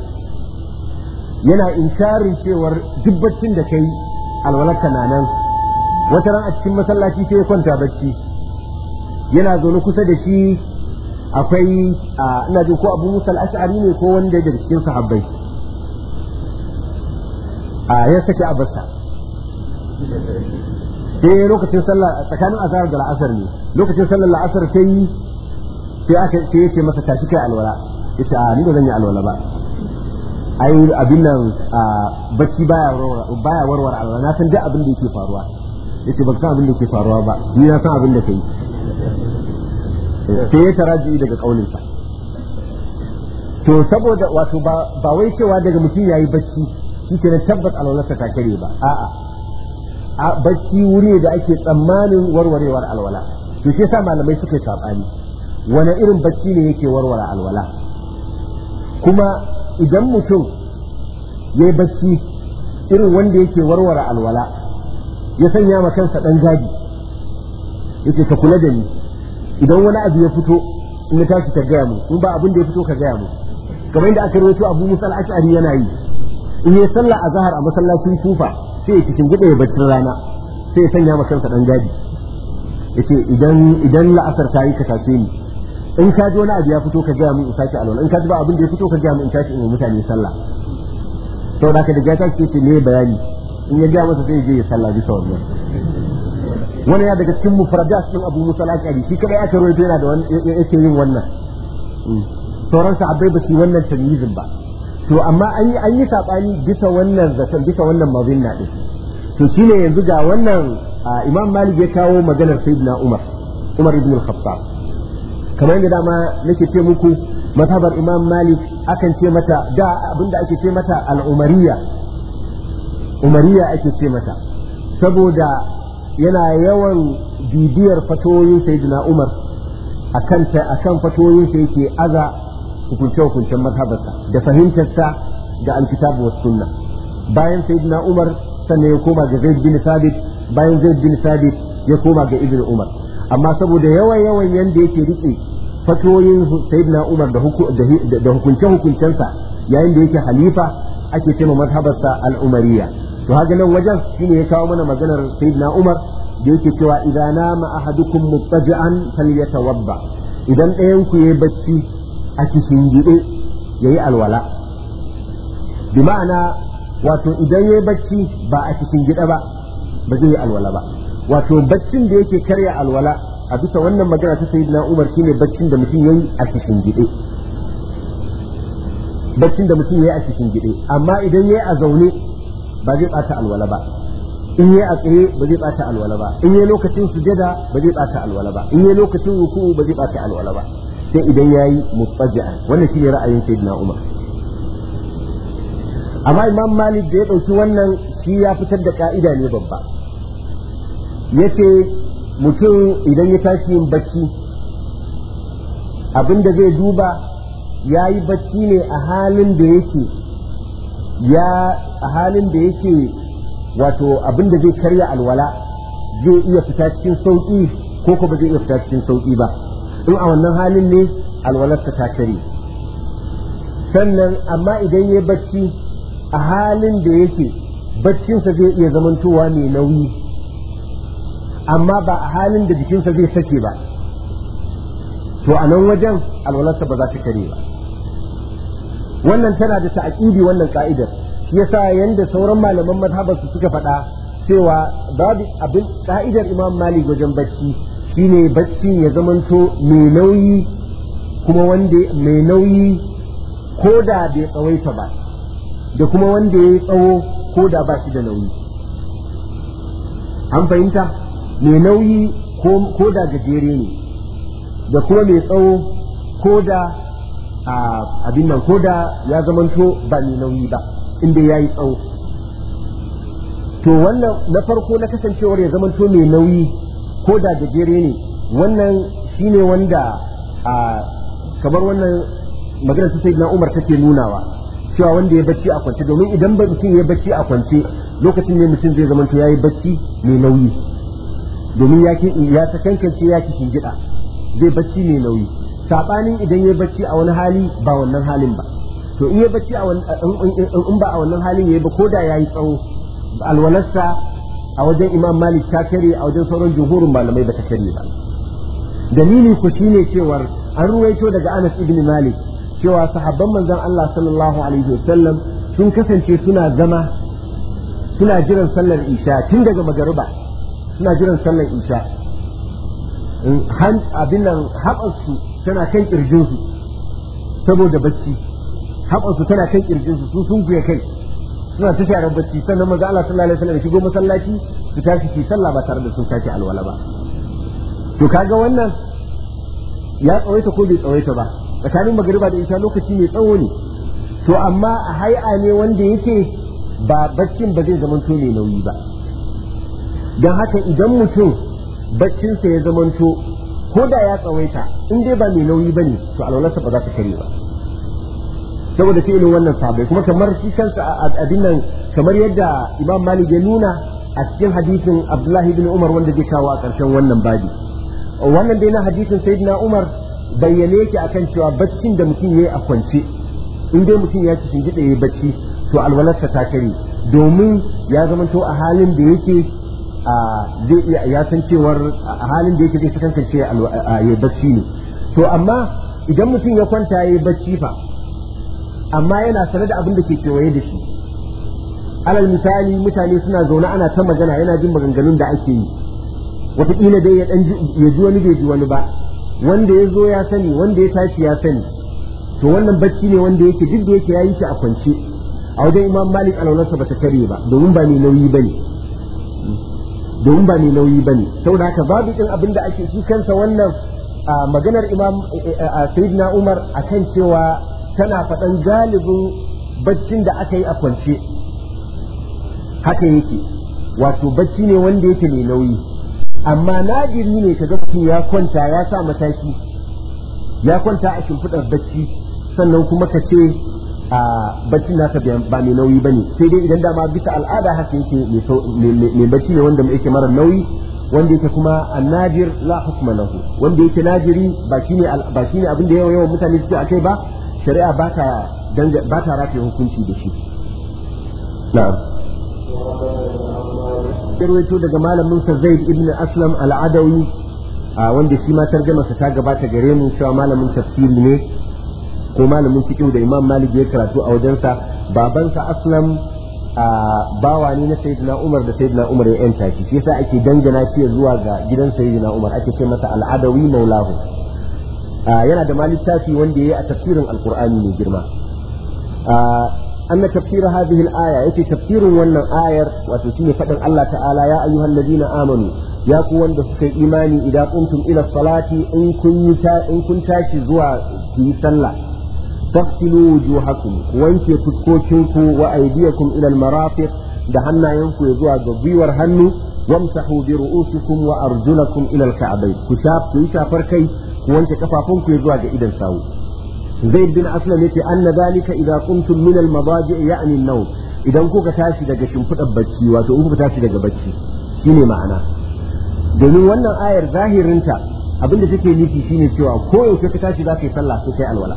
yana inkarin cewar dubbacin da kai alwalarka na nan wata ran a cikin masallaci sai ya kwanta bacci yana zaune kusa da shi akwai a ina jin ko abu musa al'ashari ne ko wanda daga cikin sahabbai a ya sake abarsa sai eh, lokacin sallah tsakanin azhar da la'asar ne lokacin sallar la'asar sai sai aka sai yace masa tashi kai alwala yace a ni ba zan yi alwala ba ai abin nan bacci baya baya warware alwala na san duk abin da yake faruwa yace ban san abin da yake faruwa ba ni na san abin da kai sai ya taraji daga kaulinsa to saboda wato ba wai cewa daga mutum yayi bacci shi ke tabbat alwalarsa ta kare ba a'a a bacci wuri ne da ake tsammanin warwarewar alwala to shi sa malamai suka sabani wani irin bacci ne yake warware alwala kuma idan mutum ya bacci irin wanda yake warware alwala ya sanya ma kansa dan gadi yake ka kula da ni idan wani abu ya fito in ya tashi ka gaya mu in ba abin da ya fito ka gaya mu kamar yadda aka rawaito Abu Musa al-Ash'ari yana yi in ya sallah zahar a masallacin Kufa sai cikin gube ya bacci rana sai ya sanya ma ta dan gadi yace idan idan la'asar ta yi ka tace ni in ka ji wani abu ya fito ka ga mu in sake alwala in ka ji ba abin da ya fito ka ga mu in tashi in mutane sallah to da ka da gata ce ce ne bayani in ya ga masa sai je ya sallah bisa wannan wani ya daga cikin mufradat din Abu Musa al shi kada aka rawaito yana da yake yin wannan hmm. sauran abai ba su wannan tamyizin ba to amma an yi an yi sabani bisa wannan zaton bisa wannan mazinna din to shine yanzu ga wannan imam malik ya kawo maganar sayyidina umar umar ibn al-khattab kamar yadda dama nake ce muku mazhabar imam malik akan ce mata da abinda ake ce mata al-umariya umariya ake ce mata saboda yana yawan bibiyar fatoyin sayyidina umar akan akan fatoyin sa yake aza hukunce-hukuncen mazhabarsa da fahimtarsa da alkitabu wa sunna bayan sayyidina umar sannan ya koma ga zaid bin sabit bayan zaid bin sabit ya koma ga ibn umar amma saboda yawan yawan yanda yake rike fatoyin sayyidina umar da hukunce-hukuncensa yayin da yake halifa ake cewa mazhabarsa al'umariya to haka nan wajen shine ya kawo mana maganar sayyidina umar da yake cewa idan nama ahadukum muttaji'an falyatawadda idan ɗayan ku yayi bacci a cikin ya yi alwala bi ma'ana wato idan ya yi bacci ba a cikin gida ba ba zai yi alwala ba wato baccin da yake karya alwala a bisa wannan magana ta sayyidina Umar shine baccin da mutum yayi a cikin gide baccin da mutum yayi a cikin gide amma idan ya yi a zaune ba zai bata alwala ba in yi a tsaye ba zai bata alwala ba in yi lokacin sujada ba zai bata alwala ba in yi lokacin ruku'u ba zai bata alwala ba sai idan ya yayi mutsaja wannan shine ra'ayin sayyidina Umar amma Imam Malik da ya ɗauki wannan shi ya fitar da ka'ida ne babba yace mutum idan ya tashi yin bacci abinda zai duba ya yi bacci ne a halin da yake ya a halin da yake wato abinda zai karya alwala zai iya fita cikin sauki ko kuma ba zai iya fita cikin sauki ba in a wannan halin ne alwalarsa ta kare sannan amma idan ya bacci a halin da yake baccinsa zai iya zamantowa mai nauyi amma ba a halin da jikinsa zai sake ba to a nan wajen alwalarsa ba za ta kare ba wannan tana da ta'aƙidi, wannan ka'idar ya yasa yanda sauran malaman mazhabarsu suka faɗa cewa babu abin ka'idar imam malik wajen bacci shine bacci ya zamanto mai nauyi kuma wanda mai nauyi ko da bai tsawaita ba da kuma wanda ya yi tsawo ko da ba shi da nauyi an fahimta mai nauyi ko da gajere ne da kuma mai tsawo ko da abin nan ko da ya zamanto ba mai nauyi ba inda ya yi tsawo to wannan na farko na kasancewar ya zamanto mai nauyi ko da gajere ne wannan shine wanda a kamar wannan maganar su sayyidina Umar take nunawa cewa wanda ya bacci a kwance domin idan ba mutum ya bacci a kwance lokacin ne mutum zai zamanto yi bacci mai nauyi domin ya ya kankance ya kishin gida zai bacci mai nauyi sabanin idan ya bacci a wani hali ba wannan halin ba to in ya bacci a in ba a wannan halin yi ba koda yi tsawo alwalarsa a wajen imam malik ta tare a wajen sauran jumhurin malamai ba ta tare ba dalili ku shine cewar an ruwaito daga anas ibn malik cewa sahabban manzon Allah sallallahu alaihi wasallam sun kasance suna zama suna jiran sallar isha tun daga magariba suna jiran sallar isha abin nan haɓarsu tana kan ƙirjinsu saboda bacci haɓarsu tana kan ƙirjinsu su sun guya kai suna ta sharar bacci sannan maza Allah sallallahu alaihi wasallam shigo masallaci su tashi su sallah ba tare da sun sake alwala ba to kaga wannan ya tsawaita ko bai tsawaita ba tsakanin magariba da isha lokaci mai tsawo ne to amma a hai'a ne wanda yake ba baccin ba zai zamanto mai nauyi ba don haka idan mutum baccinsa ya zamanto ko da ya tsawaita in dai ba mai nauyi ba ne to alwalarsa ba za ta kare ba saboda fi'ilin wannan sahabbai kuma kamar shi kansa abin nan kamar yadda Imam Malik ya nuna a cikin hadisin Abdullahi ibn Umar wanda zai kawo a ƙarshen wannan babi wannan dai na hadisin Sayyidina Umar bayyane yake akan cewa baccin da mutum yayi a kwance in dai mutum ya ci shingide yayi bacci to alwalarsa ta kare domin ya zamanto a halin da yake zai iya ya san cewar a halin da yake zai kankance ya bacci ne to amma idan mutum ya kwanta yayi bacci fa amma yana sanar da abin da ke kewaye da shi alal misali mutane suna zaune ana ta magana yana jin maganganun da ake yi wataƙila dai ya ji wani bai ji wani ba wanda ya zo ya sani wanda ya tashi ya sani to wannan bacci ne wanda yake duk da yake ya yi shi a kwance a wajen imam malik alaularsa ba ta kare ba domin ba mai nauyi ba ne domin ba mai nauyi ba ne saboda haka babu ɗin abin da ake shi kansa wannan maganar imam sayyidina umar akan cewa tana faɗan galibin baccin da aka yi a kwance haka yake wato bacci ne wanda yake mai nauyi amma nadiri ne ka mutum ya kwanta ya sa mataki ya kwanta a shimfiɗar bacci sannan kuma ka ce a baccin nasa ba mai nauyi ba ne sai dai idan dama bisa al'ada haka yake mai bacci ne wanda yake mara nauyi wanda yake kuma annajir la hukma lahu wanda yake najiri ba shine ba abin da yawan mutane suke akai ba shari'a ba ta ba ta rafe hukunci da shi na'am to daga malamin sa Zaid ibn Aslam al-Adawi wanda shi ma sa ta gabata gare mu cewa malamin tafsiri ne ko malamin fiqh da Imam Malik ya karatu a wajensa babansa Aslam bawa ne na Sayyidina Umar da Sayyidina Umar ya yanta shi shi yasa ake dangana shi zuwa ga gidan Sayyidina Umar ake ce masa al-Adawi maulahu yana da ma littafi wanda ya yi a tafsirin al'kur'ani mai girma anna tafsir hadhihi al-aya yace tafsirin wannan ayar wato shine fadin Allah ta'ala ya na amanu ya ku wanda suka yi imani idan kuntum ila salati in kun yi in kun tashi zuwa ku yi sallah tafsilu wujuhakum wanke fuskokinku wa aydiyakum ila al-marafiq da hannayenku ya zuwa ga gwiwar hannu wamsahu bi ru'usikum wa arjulakum ila al-ka'bayn ku shafar kai ku wanke kafafunku ya zuwa ga idan sawu Zai bin aslam yace anna zalika idza qumtum min al madaji ya'ni an idan kuka tashi daga shimfidar bacci wato in kuka tashi daga bacci shine ma'ana domin wannan ayar zahirinta abinda take nufi shine cewa ko yaushe ka tashi zaka yi sallah sai kai alwala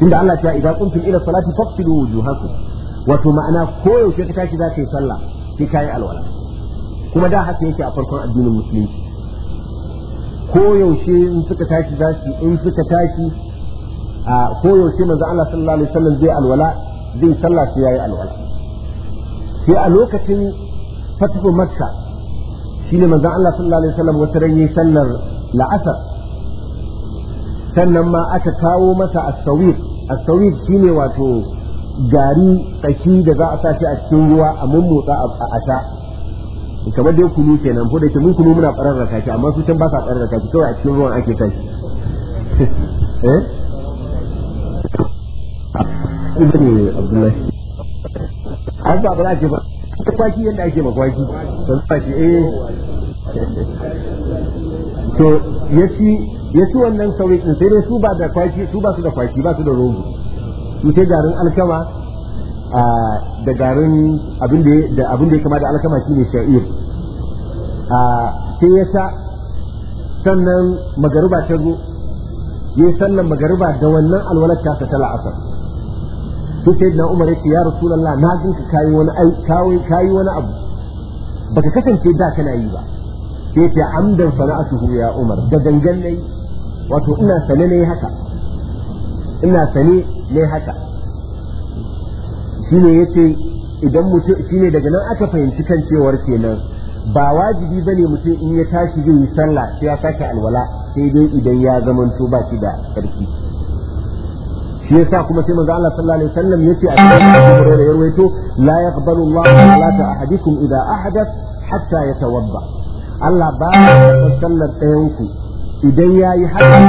tunda Allah ya idza qumtum ila salati fafsilu wujuhakum wato ma'ana ko yaushe ka tashi zaka yi sallah sai kai alwala kuma da haka yake a farkon addinin musulunci koyaushe in suka tashi za su in suka tashi a koyaushe manzo Allah sallallahu alaihi wasallam zai alwala zai sallah sai yayi alwala sai a lokacin fatihu makka shine manzo Allah sallallahu alaihi wasallam wata ran yayi sallar la'asar sannan ma aka kawo masa as-sawir as-sawir shine wato gari tsaki da za a sa shi a cikin ruwa a mummutsa a sha kamar dai kunu kenan ko da ke mun kunu muna farar raka amma su can ba sa farar raka kawai a cikin ruwan ake sa shi eh ibn abdullahi an ba ba ake ba ta kwaki yadda ake makwaki ta zuwa shi eh to ya ci ya wannan sauri din sai dai su ba da kwaki su ba su da kwaki ba su da rogo su sai garin alkama da garin abin da abin da ya kama da alkama shine sha'ir sai ya sa sannan magaruba ta zo ya sallan magaruba da wannan alwalar ta ta la'asar sai sai na umar yake ya rasulullah na jin ka kayi wani ai kai wani abu baka kasance da kana yi ba sai ta amdan sana'atuhu ya umar da gangan nayi wato ina sane ne haka ina sane haka shine yace idan mutum shine daga nan aka fahimci kan cewar kenan ba wajibi bane mutum in ya tashi zai yi sallah sai ya sake alwala sai dai idan ya zamanto ba shi da sarki shi yasa kuma sai manzo Allah sallallahu alaihi wasallam yace a cikin da ya rawaito la yaqbalu Allahu salata ahadikum idza ahadath hatta yatawadda Allah ba ya sallar ɗayan ku idan yayi haka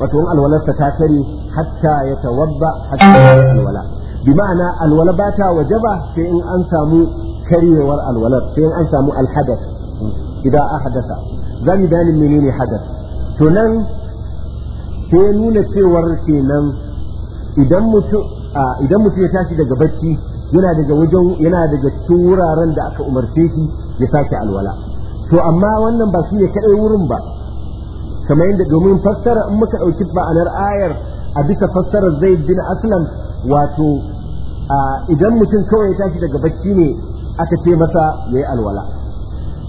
wato alwalarsa ta kare hatta tawabba hatta alwala bi alwala ba ta wajaba sai in an samu karyewar alwalar sai in an samu alhadas idan ahdasa zan yi bayanin menene hadas to nan sai nuna cewar kenan idan mutum idan mutum ya tashi daga bacci yana daga wajen yana daga cikin wuraren da aka umarce shi ya sake alwala to amma wannan ba shi ne kadai wurin ba kamar yadda domin fassara in muka ɗauki ba'anar ayar a bisa fassarar zai bin aslam wato idan mutum kawai ya tashi daga bacci ne aka ce masa yayi alwala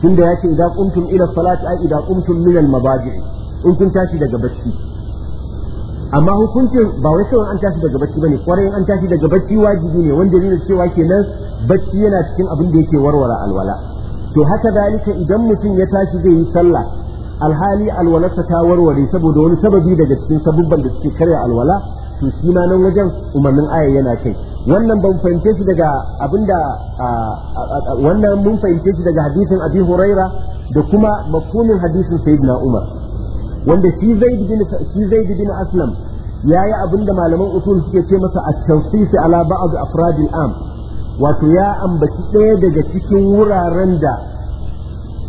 tunda ya ce idan qumtum ila salati ai idan qumtum min al in kun tashi daga bacci amma hukuncin ba wai kawai an tashi daga bacci bane kwarai an tashi daga bacci wajibi ne wanda ne cewa kenan bacci yana cikin abin da yake warware alwala to haka dalika idan mutum ya tashi zai yi sallah alhali alwalarsa ta warware saboda wani sababi daga cikin sabubban da suke karya alwala to shi ma nan wajen umarnin aya yana kai wannan ban fahimce shi daga abinda wannan mun fahimce shi daga hadisin abi huraira da kuma makunin hadisin sayyidina umar wanda shi zai bin shi zaid bin aslam yayi abinda malaman usul suke ce masa at-tawsis ala ba'd afrad al-am wato ya ambaci ɗaya daga cikin wuraren da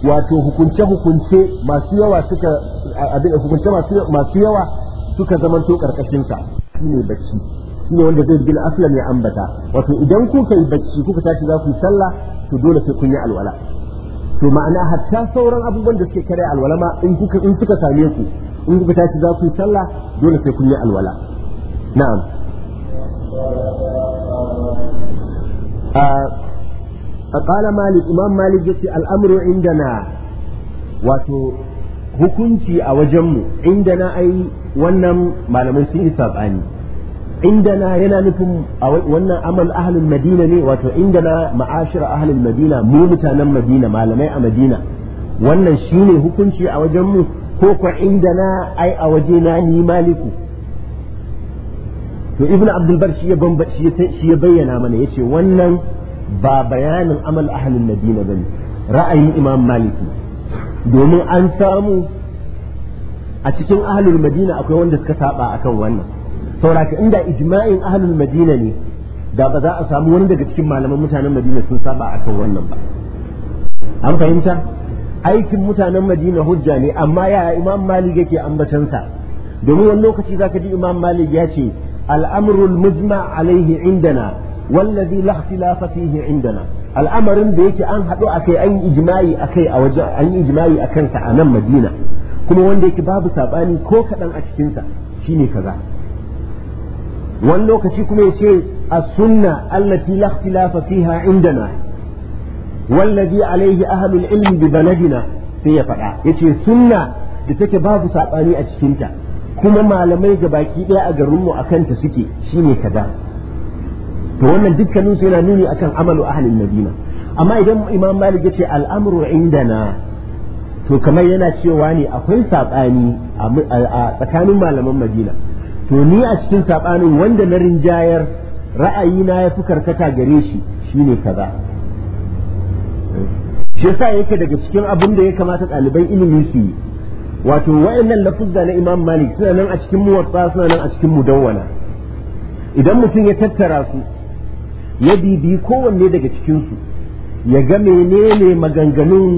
wato hukunce-hukunce masu yawa suka abin hukunce masu yawa zamanto karkashin shine bacci ne wanda zai bil aslam ya ambata wato idan kuka yi bacci kuka tashi za ku sallah to dole sai kun yi alwala to ma'ana hatta sauran abubuwan da suke kare alwala ma in kuka in suka same ku in kuka tashi za ku yi sallah dole sai kun yi alwala na'am a qala malik imam malik yace al'amru indana hukunci a wajenmu inda na ai wannan malamai sun yi saɓani inda na yana nufin wannan amal ahalin madina ne wato inda na ma'ashir ahalin madina mu mutanen madina malamai a madina wannan shine hukunci a wajenmu ko ko inda na ai a waje na ni maliku to Ibn abdul bar shi ya bayyana mana yace wannan ba bayanin amal ahalin madina bane ra'ayin imam maliki domin an samu a cikin ahalul madina akwai wanda suka saba akan wannan sauraka inda ijma'in ahalul madina ne da ba za a samu wani daga cikin malaman mutanen madina sun saba akan wannan ba an fahimta aikin mutanen madina hujja ne amma ya imam malik yake ambatansa domin wani lokaci zaka ji imam malik ya ce al'amrul mujma alaihi indana wallazi la ikhtilafa fihi indana al'amarin da yake an haɗu akai an yi a akai a wajen an yi ijma'i a kansa a nan Madina kuma wanda yake babu saɓani ko kaɗan a cikin sa shine kaza wani lokaci kuma ya ce a sunna allati la ikhtilafa fiha indana wallazi alaihi ahlul ilmi bi baladina sai ya faɗa yace sunna da take babu saɓani a cikinta kuma malamai ga baki ɗaya a garinmu a kanta suke shine kaza to wannan dukkanin su yana nuni akan amalu ahlin madina amma idan imam malik yace al'amru indana to kamar yana cewa ne akwai sabani a tsakanin malaman madina to ni a cikin sabanin wanda na rinjayar ra'ayi na ya fi karkata gare shi shine kaza shi yasa yake daga cikin abin da ya kamata ɗaliban ilimi su yi wato wa'annan lafuzza na imam malik suna nan a cikin muwatta suna nan a cikin mudawwana idan mutum ya tattara su ya bibi kowanne daga cikinsu ya ga menene maganganun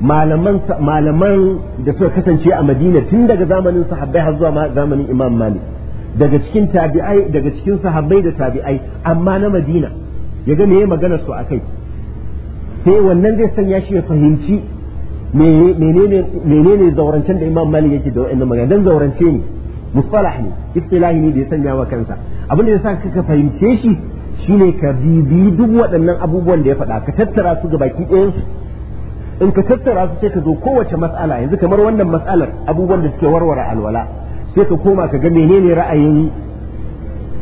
malaman da suka kasance a madina tun daga zamanin sahabbai har zuwa zamanin imam malik daga cikin tabi'ai daga cikin sahabbai da tabi'ai amma na madina ya ga meye maganar su akai sai wannan zai sanya shi ya fahimci menene zaurancen da imam malik yake da wa'annan magana dan zaurance ne mustalah ne istilahi ne da ya sanya wa kansa abin da ya sa kaka fahimce shi shine ka bibiyi duk waɗannan abubuwan da ya faɗa ka tattara su ga baki ɗayan su in ka tattara su sai ka zo kowace matsala yanzu kamar wannan matsalar abubuwan da suke warware alwala sai ka koma ka ga menene ra'ayin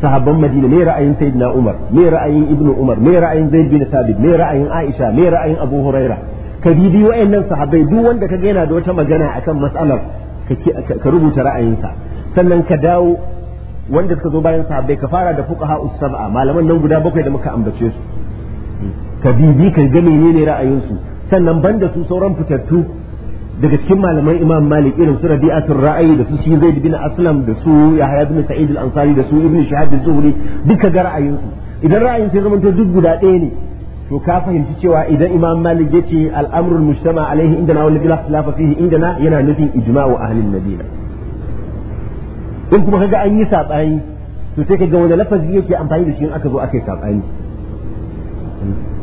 sahabban Madina me ra'ayin Sayyidina Umar me ra'ayin ibnu Umar me ra'ayin Zaid bin Thabit me ra'ayin Aisha me ra'ayin Abu Huraira ka bibi wayannan sahabbai duk wanda kaga yana da wata magana akan mas'alar ka rubuta ra'ayinsa sannan ka dawo wanda suka zo bayan sahabbai ka fara da fuqaha usaba malaman nan guda bakwai da muka ambace su ka bibi ka ga menene ra'ayinsu sannan banda su sauran fitattu daga cikin malaman Imam Malik irin su Rabi'atul Ra'ayi da su shi Zaid bin Aslam da su Yahya bin Sa'id al-Ansari da su Ibn shahab az-Zuhri duka ga ra'ayinsu idan ra'ayin sai zama duk guda ɗaya ne to ka fahimci cewa idan Imam Malik yace al al mujtama inda indana wal ikhtilafa fihi indana yana nufin ijma'u al madina in kuma kaga an yi saɓani to sai kaga wani lafazi yake amfani da shi in aka zo aka yi saɓani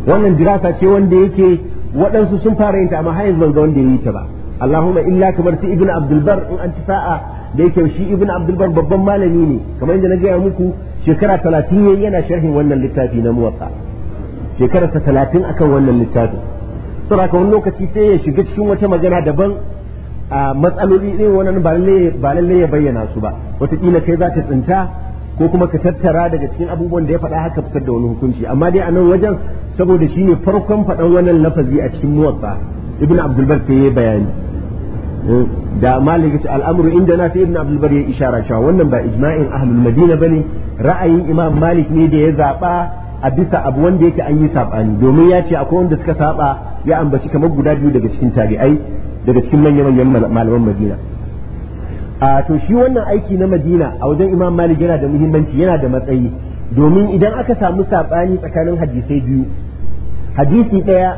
wannan dirasa ce wanda yake waɗansu sun fara yin ta amma har yanzu ban ga wanda ya yi ta ba Allahumma illa kamar ta Ibn Abdulbar in an ci sa'a da yake shi Ibn Abdul babban malami ne kamar yadda na gaya muku shekara talatin yayi yana sharhin wannan littafi na muwatta shekara ta talatin akan wannan littafi saboda wani lokaci sai ya shiga cikin wata magana daban a matsaloli ne wannan ba lalle ya bayyana su ba wataƙila kai za ka tsinta ko kuma ka tattara daga cikin abubuwan da ya faɗa haka fitar da wani hukunci amma dai a nan wajen saboda shi ne farkon faɗan wannan lafazi a cikin muwatsa ibn abdulbar ta yi bayani da malik al'amuru inda na sai ibn abdulbar ya ishara cewa wannan ba ijma'in ahlul madina ne ra'ayin imam malik ne da ya zaɓa a bisa abu wanda yake an yi saɓani domin ya ce akwai wanda suka saɓa ya ambaci kamar guda biyu daga cikin tabi'ai daga cikin manya-manyan malaman madina a to shi wannan aiki na madina a wajen imam malik yana da muhimmanci yana da matsayi domin idan aka samu saɓani tsakanin hadisai biyu hadisi ɗaya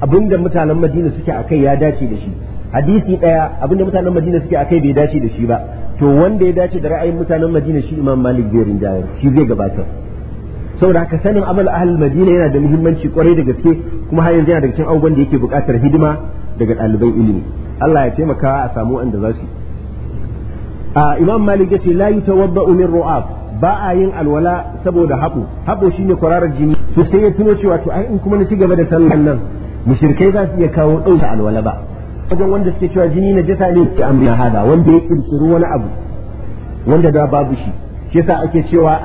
abinda mutanen madina suke a kai ya dace da shi hadisi ɗaya abinda mutanen madina suke a kai bai dace da shi ba to wanda ya dace da ra'ayin mutanen madina shi imam malik zai rinjayar shi zai gabatar saboda haka sanin amal ahlul madina yana da muhimmanci kwarai da gaske kuma har yanzu yana daga cikin abubuwan da yake buƙatar hidima daga ɗaliban ilimi Allah ya taimaka a samu wanda za su a imam malik ce layi yutawadda min ru'ab ba a yin alwala saboda haɓo haɓo shine kwararar jini Su sai ya tuno cewa to ai in kuma na ci gaba da sallan nan mushrikai za su iya kawo ɗauka alwala ba wajen wanda suke cewa jini na jasa ne ke amina hada wanda ya kirkiri wani abu wanda da babu shi shi yasa ake cewa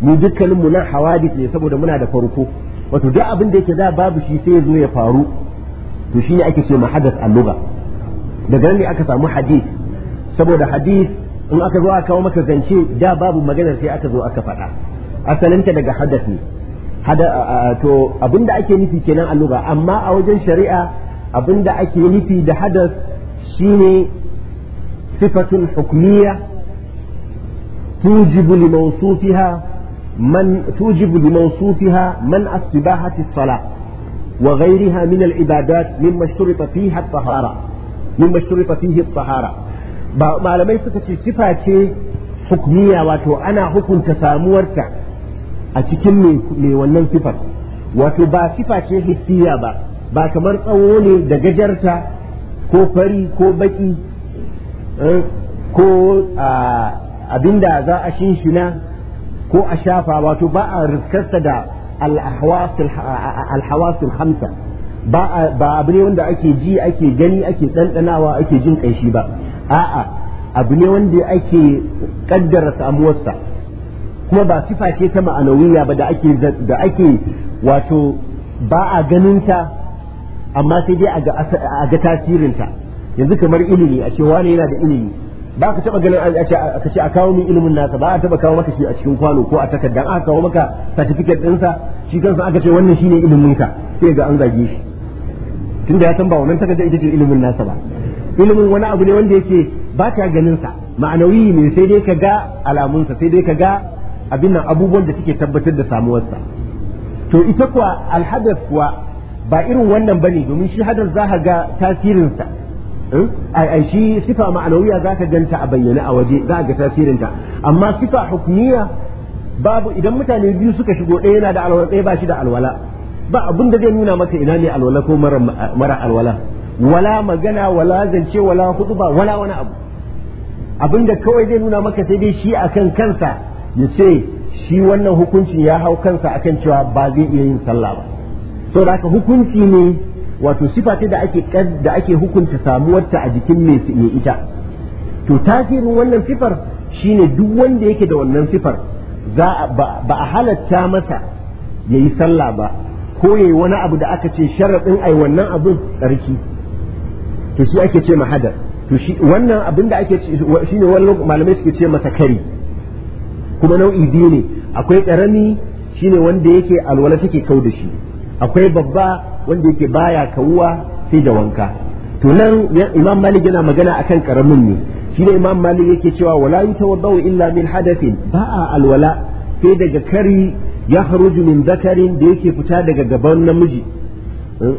mu dukkaninmu nan hawadis ne saboda muna da farko wato duk abin da yake da babu shi sai ya zo ya faru to shine ake ce mahadas a daga nan ne aka samu hadith saboda hadith in aka zo aka kawo maka zance da babu maganar sai aka zo aka faɗa asalinta daga hadas ne to abinda ake nufi kenan a amma a wajen shari'a abinda ake nufi da hadas shine sifatun hukumiya tujibu sufiha man tujibu limawsufiha man asbahati وغيرها من العبادات مما اشترط فيها الطهارة مما اشترط فيه الطهارة malamai suka ce sifa ce hukmiya wato ana hukunta samuwarta a cikin mai wannan sifar wato ba sifa ce ba ba kamar tsawo ne da gajarta ko fari ko baki ko abinda za a shinshina ko a shafa wato ba a riskarsa da alhawasul hamsa ba abu ne wanda ake ji ake gani ake ɗanɗanawa ake jin ƙanshi ba a'a abu ne wanda ake ƙaddara samuwarsa kuma ba sifa ce ta ma'anawiya ba da ake da ake wato ba a ganinta amma sai dai a ga tasirinta yanzu kamar ilimi a ce wane yana da ilimi ba ka taba ganin a ce a kawo min ilimin nasa ba a taba kawo maka shi a cikin kwano ko a takardan aka kawo maka certificate ɗinsa shi kansa aka ce wannan shine ilimin ka sai ga an zage shi tunda ya san ba wannan takarda ita ce ilimin nasa ba ilimin wani abu ne wanda yake ba ka ganin sa ma'anawi ne sai dai ka ga alamun sa sai dai ka ga abin nan abubuwan da suke tabbatar da samuwar sa. to ita kuwa alhadath kuwa ba irin wannan bane domin shi hadar za ga tasirin sa. Eh? ai shi sifa ma'anawiya za ka ganta a bayyana a waje za ga tasirinta amma sifa hukumiya babu idan mutane biyu suka shigo ɗaya yana da alwala ɗaya ba shi da alwala ba abin da zai nuna maka ina ne alwala ko mara alwala wala magana wala zance wala ba wala wani abu abin da kawai zai nuna maka sai dai shi akan kansa ya ce shi wannan hukuncin ya hau kansa akan cewa ba zai iya yin sallah ba saboda haka hukunci ne wato sifa ce da ake da ake hukunta samuwarta a jikin mai ita to tasirin wannan sifar shine duk wanda yake da wannan sifar za ba a halatta masa yayi sallah ba ko yayi wani abu da aka ce sharadin ai wannan abun tsarki to shi ake ce mahadar to shi wannan abin da ake shine wannan malamai suke ce masa kari kuma nau'i biyu ne akwai karami shine wanda yake alwala take kau da shi akwai babba wanda yake baya kawuwa sai da wanka to nan imam malik yana magana akan karamin ne shi ne imam malik yake cewa wala yutawaddau illa min hadathin ba a alwala sai daga kari ya haruju min zakarin da yake fita daga gaban namiji hmm,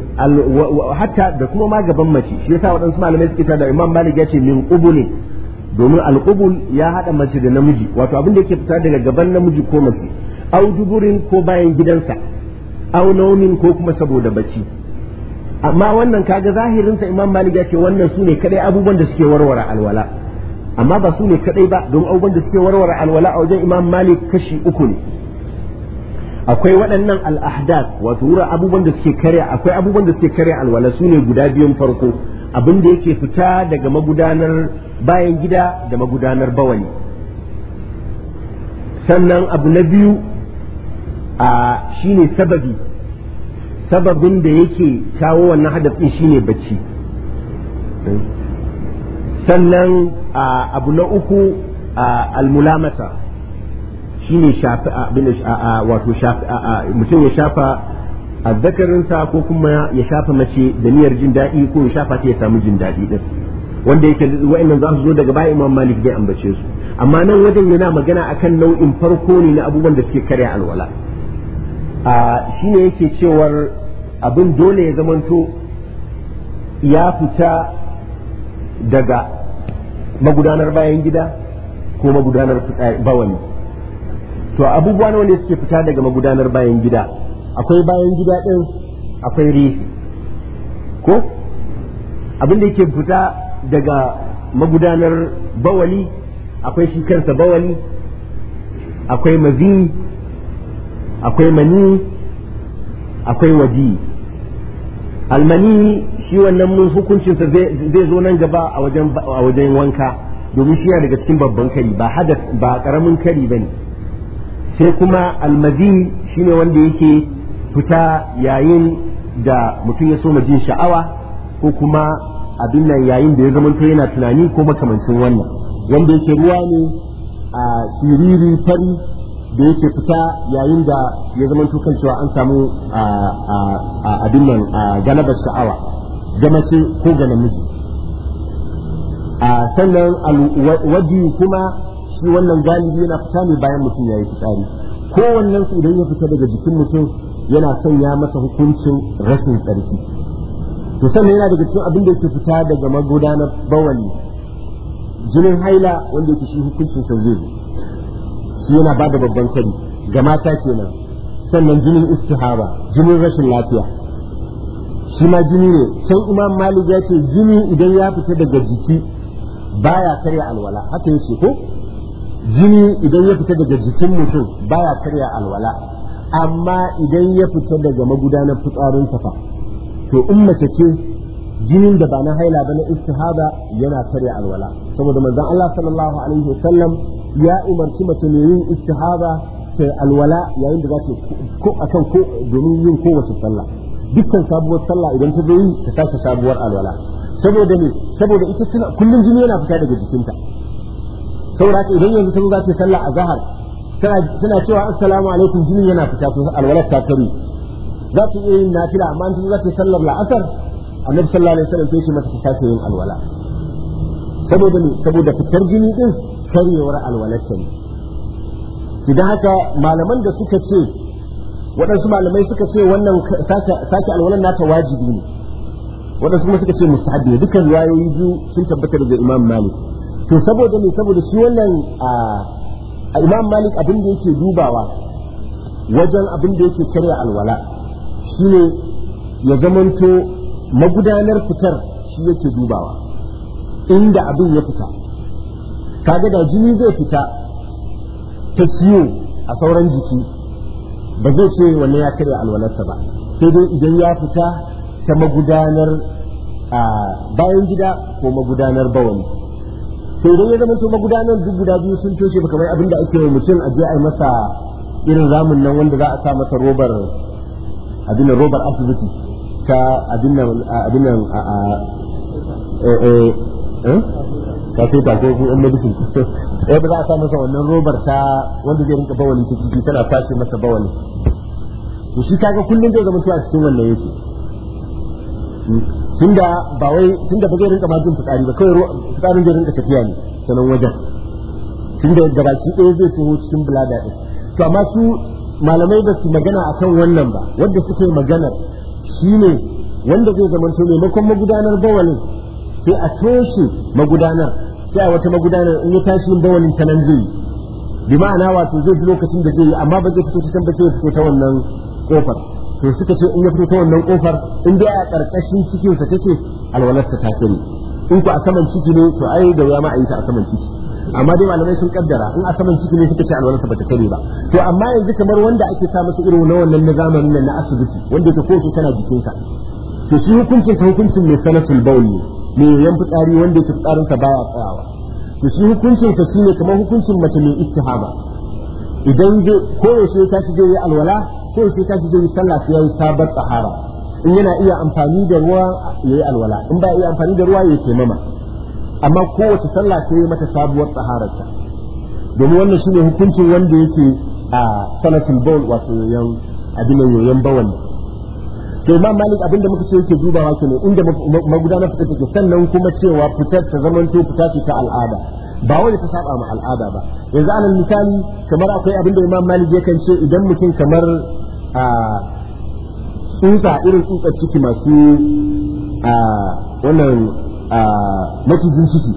hatta da kuma ma gaban mace shi yasa waɗansu malamai suke da imam malik ya ce min qubulin domin alqubul ya hada mace da namiji wato abin da yake fita daga gaban namiji ko mace au duburin ko bayan gidansa au ko kuma saboda bacci amma wannan kaga zahirin sa imam malik ya ce wannan su ne kadai abubuwan da suke warware alwala amma ba sune ne kadai ba don abubuwan da suke warware alwala a wajen imam malik kashi uku ne akwai waɗannan al'ahdath wato wurin abubuwan da suke karya akwai abubuwan da suke karya alwala sune guda biyun farko abin da yake fita daga magudanar bayan gida da magudanar bawani sannan abu na biyu a ne sababi sababin da yake kawo wannan hadafin ne bacci sannan abu na uku almulamata shine shafa wato mutum ya shafa a zakarinsa ko kuma ya shafa mace da niyar jin daɗi ko ya shafa ta ya samu jin daɗi ɗin wanda yake wa'annan za su zo daga baya imam malik zai ambace su amma nan wajen yana magana akan nau'in farko ne na abubuwan da suke karya alwala a shi ne yake cewar abin dole ya zamanto ya fita daga magudanar bayan gida ko magudanar bawani to abubuwa nawa ne suke fita daga magudanar bayan gida akwai bayan gida ɗin akwai rifi ko abin da yake fita daga magudanar bawali akwai shi kansa bawali akwai maziyi akwai mani akwai waji almani shi wannan mun hukuncinsa zai zo nan gaba a wajen wanka domin shi ya daga cikin babban kari ba hada ba karamin kari bane sai kuma almazi shine wanda yake fita yayin da mutum ya so jin sha'awa ko kuma abin nan yayin da ya zama to yana tunani ko makamancin wannan wanda yake ruwa ne a siriri fari da yake fita yayin da ya zama tukan cewa an samu abin nan sha'awa ga mace ko ga namiji a sannan waji kuma shi wannan galibi yana fita ne bayan mutum ya yi fitsari kowannen su idan ya fita daga jikin mutum yana sanya masa hukuncin rashin tsarki to sannan yana daga cikin abin da yake fita daga magudanar bawali jinin haila wanda yake shi hukuncin sau zai shi yana ba da babban kari ga mata kenan sannan jinin istihaba jinin rashin lafiya shi ma jini ne can imam malik ya ce jini idan ya fita daga jiki baya karya alwala haka yace ko jini idan ya fita daga jikin mutum baya karya alwala amma idan ya fita daga magudanar fitsarin safa to in mace ce jinin da ba na haila ba na istihaba yana karya alwala saboda manzon Allah sallallahu alaihi wasallam ya umarci mace mai yin istihaba ta alwala yayin da za ta ko a kan ko domin yin kowace sallah dukkan sabuwar sallah idan ta zo yi ta tashi sabuwar alwala saboda ne saboda ita tana kullum jini yana fita daga jikinta saboda idan yanzu ta za ta sallah a zahar tana cewa assalamu alaikum jini yana fita to alwalar ta kare za ta yi yin nafila amma in za ta sallar la'asar annabi sallallahu alaihi wasallam sai shi mata ta sake yin alwala saboda ne saboda fitar jini din karyewar alwalarta ne idan haka malaman da suka ce waɗansu malamai suka ce wannan sake alwalar nata wajibi ne waɗansu kuma suka ce musahabi ne dukkan riwayoyi biyu sun tabbata daga imam malik to saboda ne saboda shi wannan a imam malik abin da yake dubawa wajen abin da yake karya alwala shine ya zamanto magudanar fitar shi yake dubawa inda abin ya fita kaga da jini zai fita ta ciwo a sauran jiki ba zai ce wanne ya karya alwalarsa ba sai dai idan ya fita ta magudanar bayan gida ko magudanar bawani sai dai ya zama to magudanar duk guda biyu sun toshe ba kamar abin da ake yi mutum a je a masa irin ramin nan wanda za a sa masa robar abin robar asibiti ta abin nan abin a eh, eh, eh? ka sai ta ko in medicine eh ba za a sa wannan robar ta wanda zai rinka bawalin ta ciki tana fashe masa bawali to shi kaga kullun zai zama cewa cikin wannan yake hmm. tunda ba wai tunda ba zai rinka ma jin fitsari ba kawai fitsarin zai rinka tafiya ne sanan wajen tunda gabaki ɗaya zai tuho cikin bulada ɗin to amma su malamai ba su magana kan wannan ba wanda suke magana shine wanda zai zama to maimakon magudanar bawalin sai a toshe magudanar sai a wata magudanar in ya tashi yin bawalin ta nan zai yi bi ma'ana wato zai ji lokacin da zai yi amma ba zai fito ta can ba sai ya fito ta wannan kofar to suka ce in ya fito ta wannan kofar in dai a karkashin cikin sa take alwalar ta take ne in ku a saman ciki ne to ai da wuya ma a yi ta a saman ciki amma dai malamai sun kaddara in a saman ciki ne suka ce alwalar sa bata kare ba to amma yanzu kamar wanda ake sa musu irin na wannan na zamanin nan na asibiti wanda ta kotu tana jikinsa to shi hukuncin ta hukuncin mai sanatul bawl ne mai yoyon fitsari wanda yake fitsarinsa baya tsayawa to shi hukuncinsa shi ne kamar hukuncin mace mai istihaba idan zai ko yaushe ta shi zai yi alwala ko yaushe ta shi zai yi sallah sai yayi sabar tsahara in yana iya amfani da ruwa yayi alwala in ba iya amfani da ruwa yayi taimama amma kowace sallah sai yayi mata sabuwar tsahararsa. domin wannan shine hukuncin wanda yake a salatul bawl wato yoyon abin yoyon bawan to imam malik abinda muka ce yake dubawa ne inda magudanar fita take sannan kuma cewa fitar ta zamanto fita ce ta al'ada ba wanda ta saba ma al'ada ba yanzu anan misali kamar akwai abinda imam malik ya kan ce idan mutum kamar a tsutsa irin tsutsa ciki masu a wannan a macijin ciki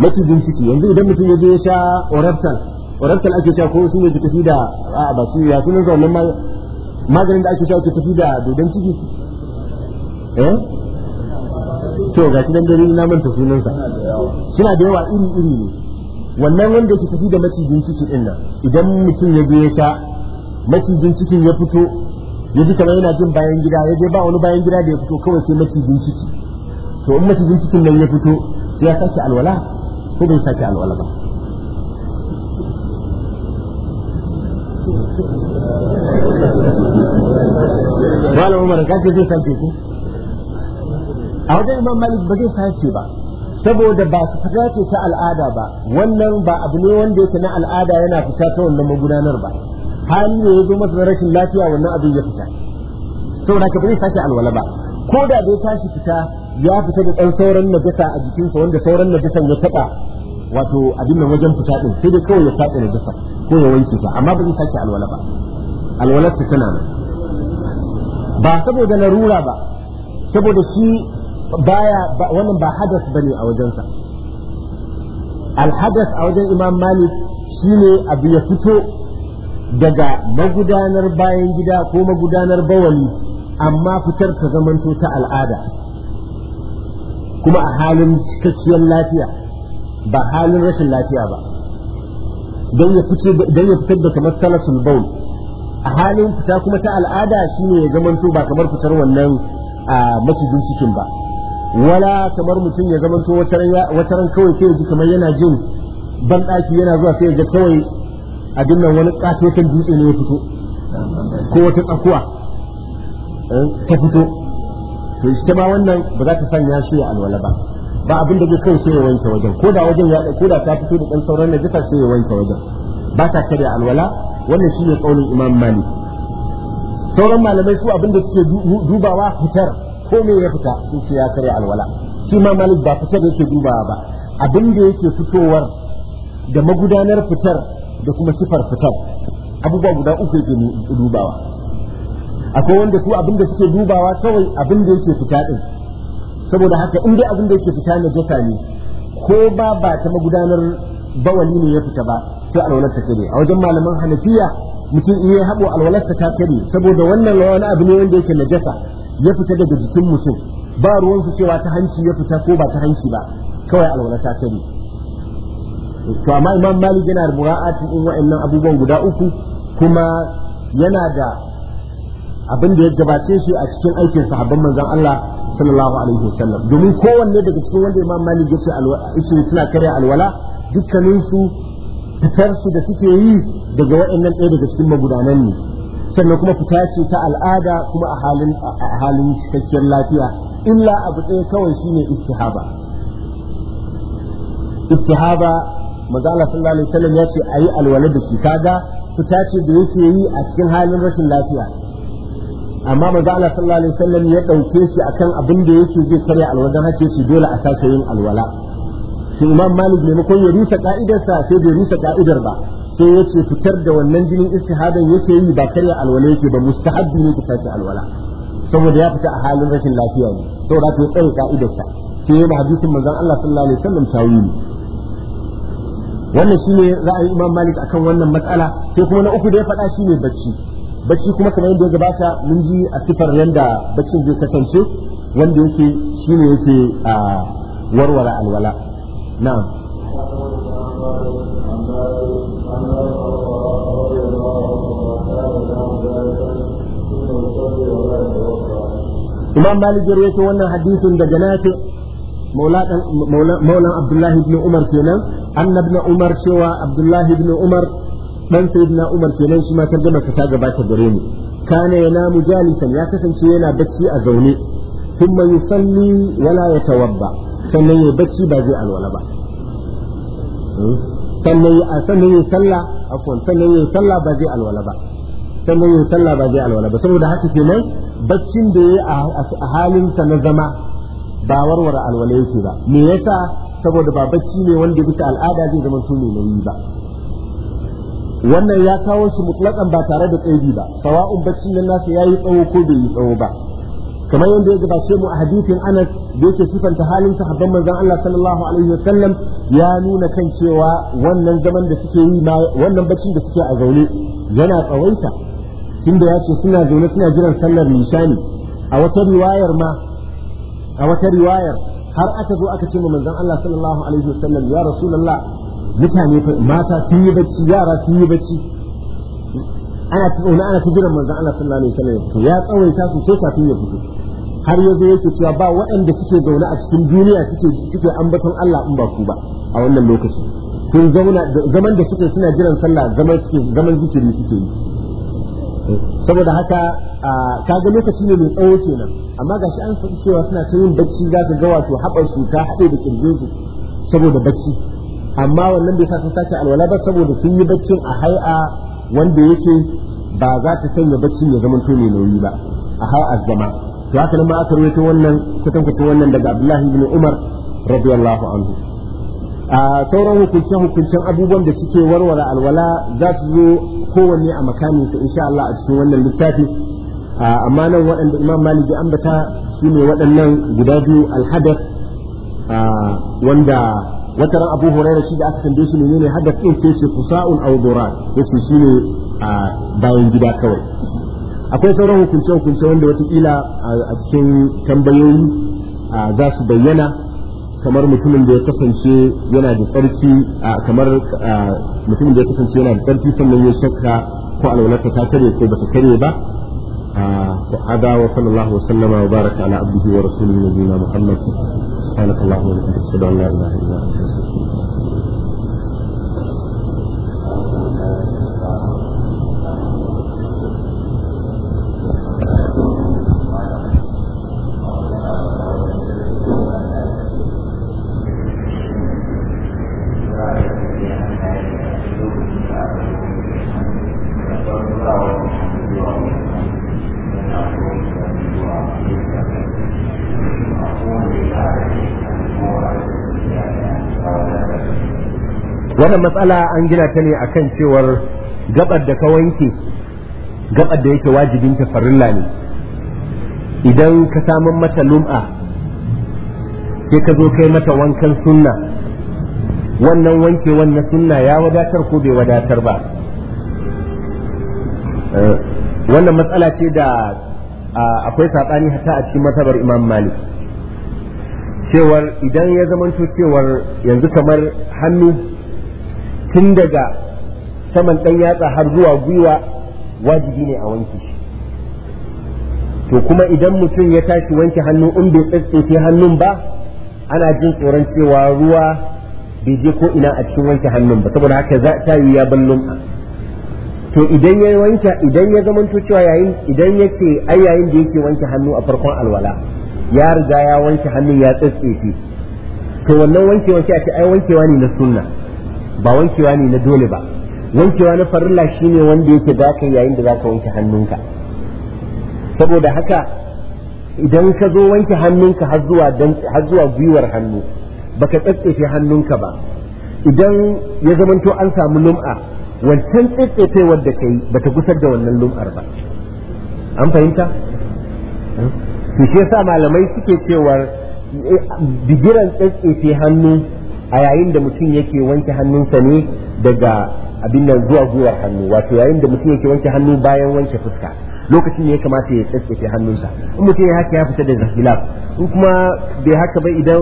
macijin ciki yanzu idan mutum ya je ya sha oraptal oraptal ake sha ko sun yi tafi da a ba su ya sunan zaunan ma maganin da ake sha ke tafi da dodon ciki eh to ga shi dandare na manta sunansa suna da yawa iri iri ne wannan wanda yake tafi da macijin ciki din nan idan mutum ya je ya sha macijin cikin ya fito ya ji kamar yana jin bayan gida ya je ba wani bayan gida da ya fito kawai sai macijin ciki to in macijin cikin nan ya fito ya sake alwala ko bai sake alwala ba malam umar ka ce zai sace ku a wajen imam malik ba zai sace ba saboda ba su fita ce ta al'ada ba wannan ba abu ne wanda yake na al'ada yana fita ta wannan magudanar ba hali ne ya zo masa rashin lafiya wannan abin ya fita saboda ka bai sace alwala ba ko da bai tashi fita ya fita da ɗan sauran najasa a jikinsa wanda sauran najasan ya taɓa wato abin nan wajen fita din sai dai kawai ya sace najasa ko ya wanke ta amma ba zai sace alwala ba alwalar ta tana nan ba saboda larura ba saboda shi baya wannan ba hadas bane a wajensa alhadas a wajen imam malik shine abu ya fito daga magudanar bayan gida ko magudanar bawali amma fitar ta zamanto ta al'ada kuma a halin cikakkiyar lafiya ba halin rashin lafiya ba don ya fitar da kamar salasul baul halin fita kuma ta al'ada shine ya zamanto ba kamar fitar wannan a macijin cikin ba wala kamar mutum ya zamanto wata ran kawai sai ji kamar yana jin ban ɗaki yana zuwa sai ga kawai abin nan wani ƙatoton dutse ne ya fito ko wata tsakuwa eh, ta fito to ita ma wannan ba za ta sanya shi ya alwala ba ba abin da zai kai sai ya wanke wajen ko da wajen ya ko da ta fito da ɗan sauran najasa sai ya wanke wajen ba ta karya alwala wannan shine kaulin imam malik sauran malamai su abin da suke dubawa fitar ko me ya fita sun ce ya karya alwala shi ma malik ba fitar yake dubawa ba abin da yake fitowar da magudanar fitar da kuma sifar fitar abubuwa guda uku yake dubawa akwai wanda su abin da suke dubawa kawai abin da yake fita din saboda haka in dai abin da yake fita na jasa ne ko ba ba ta magudanar bawali ne ya fita ba sai alwalar ta kare a wajen malaman hanafiya mutum iya haɓo alwalar ta kare saboda wannan wani abu ne wanda yake najasa ya fita daga jikin mutum ba ruwan su cewa ta hanci ya fita ko ba ta hanci ba kawai alwalar ta kare to amma imam malik yana da mura'atin in wa'annan abubuwan guda uku kuma yana da abin da ya gabace shi a cikin aikin sahabban manzon Allah sallallahu alaihi wasallam domin kowanne daga cikin wanda imam malik ya ce alwala suna karya alwala dukkaninsu fitar su da suke yi daga waɗannan ɗaya daga cikin magudanan ne sannan kuma fita ce ta al'ada kuma a halin cikakkiyar lafiya illa abu ɗaya kawai shine istihaba istihaba maza Allah sallallahu alaihi wasallam ya ce ayi alwala da shi kaga fita ce da yake yi a cikin halin rashin lafiya amma maza Allah sallallahu alaihi wasallam ya ɗauke shi akan abin da yake zai karya don hake shi dole a sake yin alwala shi imam malik maimakon ya rusa ka'idarsa sai bai rusa ka'idar ba sai ya ce fitar da wannan jinin istihadan yake yi ba karya alwala yake ba mustahabbi ne fitar da alwala saboda ya fita a halin rashin lafiya ne saboda ta tsare ka'idarsa sai ya hadisin manzon Allah sallallahu alaihi wasallam tawili wannan shine ra'ayin imam malik akan wannan matsala sai kuma na uku da ya faɗa shine bacci bacci kuma kamar yadda ya gabata mun ji a sifar yanda baccin zai kasance wanda yake shine yake a warware alwala na'am imam malik ya wannan hadisin daga nafi maulan abdullahi ibn umar kenan annabn umar cewa abdullahi ibn umar dan sayyidina umar kenan shi ma tarjuma ta gabata gare ni kana yana mujalisan ya kasance yana bacci a zaune thumma yusalli wala yatawabba sannan ya bacci ba zai alwala ba hmm? sannan ya ah, sannan ya sallah afwan sannan ya sallah ba zai alwala ba sannan ya sallah ba zai alwala ba saboda haka ke nan baccin da ya yi a halinsa na zama ba warware alwala yake ba me yasa saboda ba bacci ne wanda bisa al'ada zai zama su ne nayi ba wannan ya kawo shi mutlakan ba tare da tsayi ba sawa'un baccin nan nasa yayi tsawo ko bai yi tsawo ba kamar yadda ya gabace mu a hadithin Anas da yake sifanta halin sahabban manzon Allah sallallahu ya nuna kan cewa wannan zaman da suke yi wannan baccin da suke a zaune yana tsawaita tunda ya ce suna zaune suna jiran sallar nishani a wata riwayar a har aka zo aka ce manzon Allah sallallahu alaihi wasallam ya rasulullah mutane mata sun yi bacci yara sun yi bacci ana ana ta jiran manzon Allah sallallahu alaihi wasallam ya tsawaita sosai kafin ya fito har yazo yake cewa ba waɗanda suke zaune a cikin duniya suke suke ambaton Allah in ba ku ba a wannan lokaci kun zauna zaman da suke suna jiran sallah zaman suke zaman zikiri suke yi saboda haka kaga lokaci ne mai tsawo kenan amma gashi an faɗi cewa suna ta yin bacci za ka ga wato haɓar su ta haɗe da kirjin saboda bacci amma wannan bai sa sun sake alwala ba saboda sun yi baccin a hai'a wanda yake ba za ta sanya baccin ya zama to mai nauyi ba a har zama to haka nan ma aka rawaito wannan kutan kutan wannan daga Abdullahi ibn Umar radiyallahu anhu a sauran hukuncen hukuncen abubuwan da suke warware alwala za su zo kowanne a makamin in insha Allah a cikin wannan littafi amma nan waɗanda Imam Malik ya ambata shine waɗannan guda biyu alhadath wanda wata ran Abu Hurairah shi da aka tambaye shi menene hadath din sai shi fusa'un aw durar yace shine bayan gida kawai akwai sauran hukunce hukunce wanda watakila a cikin tambayoyi za su bayyana kamar mutumin da ya kasance yana da tsarki kamar mutumin da ya kasance yana da tsarki sannan ya shakka ko alwalarta ta kare ko bata kare ba هذا وصلى wa sallallahu wa sallama wa baraka ala محمد سبحانك اللهم وبحمدك اشهد ان لا اله الا wannan matsala an gina ta ne akan cewar gabar da ka wanke gabar da yake wajibin ta farilla ne idan ka samun mata lum'a sai ka zo kai mata wankan sunna wannan wanke wannan sunna ya wadatar ko bai wadatar ba eh, wannan matsala ce da akwai saɓani hata a cikin matsabar imam malik cewar idan ya zamanto cewar yanzu kamar hannu tun daga saman ɗan yatsa har zuwa gwiwa wajibi ne a wanke shi to kuma idan mutum ya tashi wanke hannu in bai tsatsefe hannun ba ana jin tsoron cewa ruwa bai je ko ina a cikin wanke hannun ba saboda haka za ta yi ya ballon to idan ya wanke idan ya zamanto cewa yayin idan yake ai yayin da yake wanke hannu a farkon alwala ya riga ya wanke hannun ya tsatsefe to wannan wanke wanke a ce ai wankewa ne na sunna ba wankewa ne na dole ba wankewa na farilla shine wanda yake za ka yayin da zaka wanke hannunka saboda haka idan ka zo wanke hannunka har zuwa zuwa gwiwar hannu baka tsatsefe hannunka ba idan ya zamanto an samu lum'a wancan tsaitsefewar da kai bata gusar da wannan lum'ar ba an fahimta to shi yasa malamai suke cewar eh, bigiran tsatsefe hannu a yayin da mutum yake wanke hannunsa ne daga abin nan zuwa zuwa hannu wato yayin da mutum yake wanke hannu bayan wanke fuska lokacin ne ya kamata ya tsatsace hannunsa in mutum ya haka ya fita da khilaf in kuma bai haka ba idan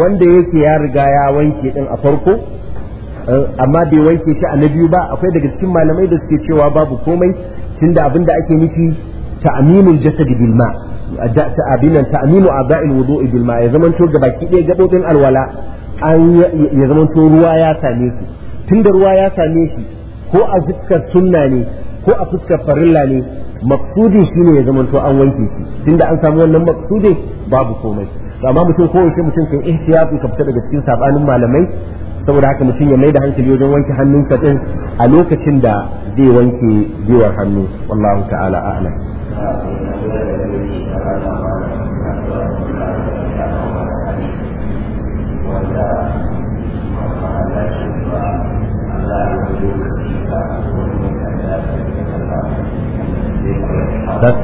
wanda yake ya riga ya wanke din a farko eh, amma bai wanke shi a na biyu ba akwai daga cikin malamai da suke cewa babu komai tunda abin da ake nufi ta'minul jasad bil ma abinan ta'minu a'dha'il wudu'i bil ma ya zamanto gabaki ɗaya gabobin alwala an ya zama to ruwa ya same su da ruwa ya same shi ko a fuskar sunna ne ko a fuskar farilla ne maksudi ne ya zama to an wanke shi tun da an samu wannan maksudi babu komai amma mutum ko wace mutum kan ihtiyati ka fita daga cikin sabanin malamai saboda haka mutum ya mai da hankali wajen wanke hannun ka din a lokacin da zai wanke jiwar hannu wallahu ta'ala a'lam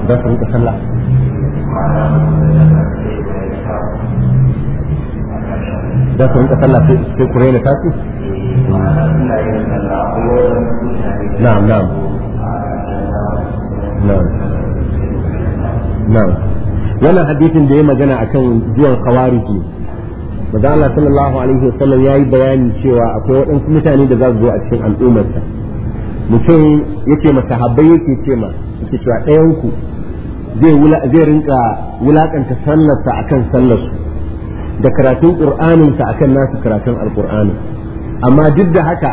za su sallah za su sallah sai hadisin da ya magana akan zuwan kawariji maza Allah sallallahu alaihi wasallam ya yi bayani cewa akwai waɗansu mutane da za su zo a cikin al'ummarsa mutum yake ma habbai yake ce ma yake cewa ɗayan ku zai rinka wulakanta sallarsa akan sallarsu da karatun qur'aninsa akan nasu karatun alqur'ani amma duk da haka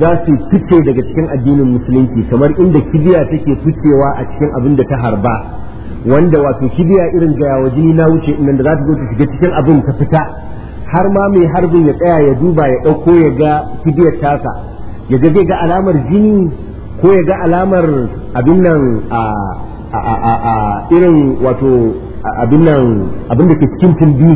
za su fice daga cikin addinin musulunci kamar inda kibiya take ficewa a cikin abin da ta harba wanda wato kibiya irin gayawa jini na wuce inda za ta zo ta shiga cikin abin ta fita har ma mai harbin ya tsaya ya duba ya ɗauko ya ga kibiyar tasa ya ga zai ga alamar jini ko ya ga alamar abin nan a irin wato abin nan abin da ke cikin tumbi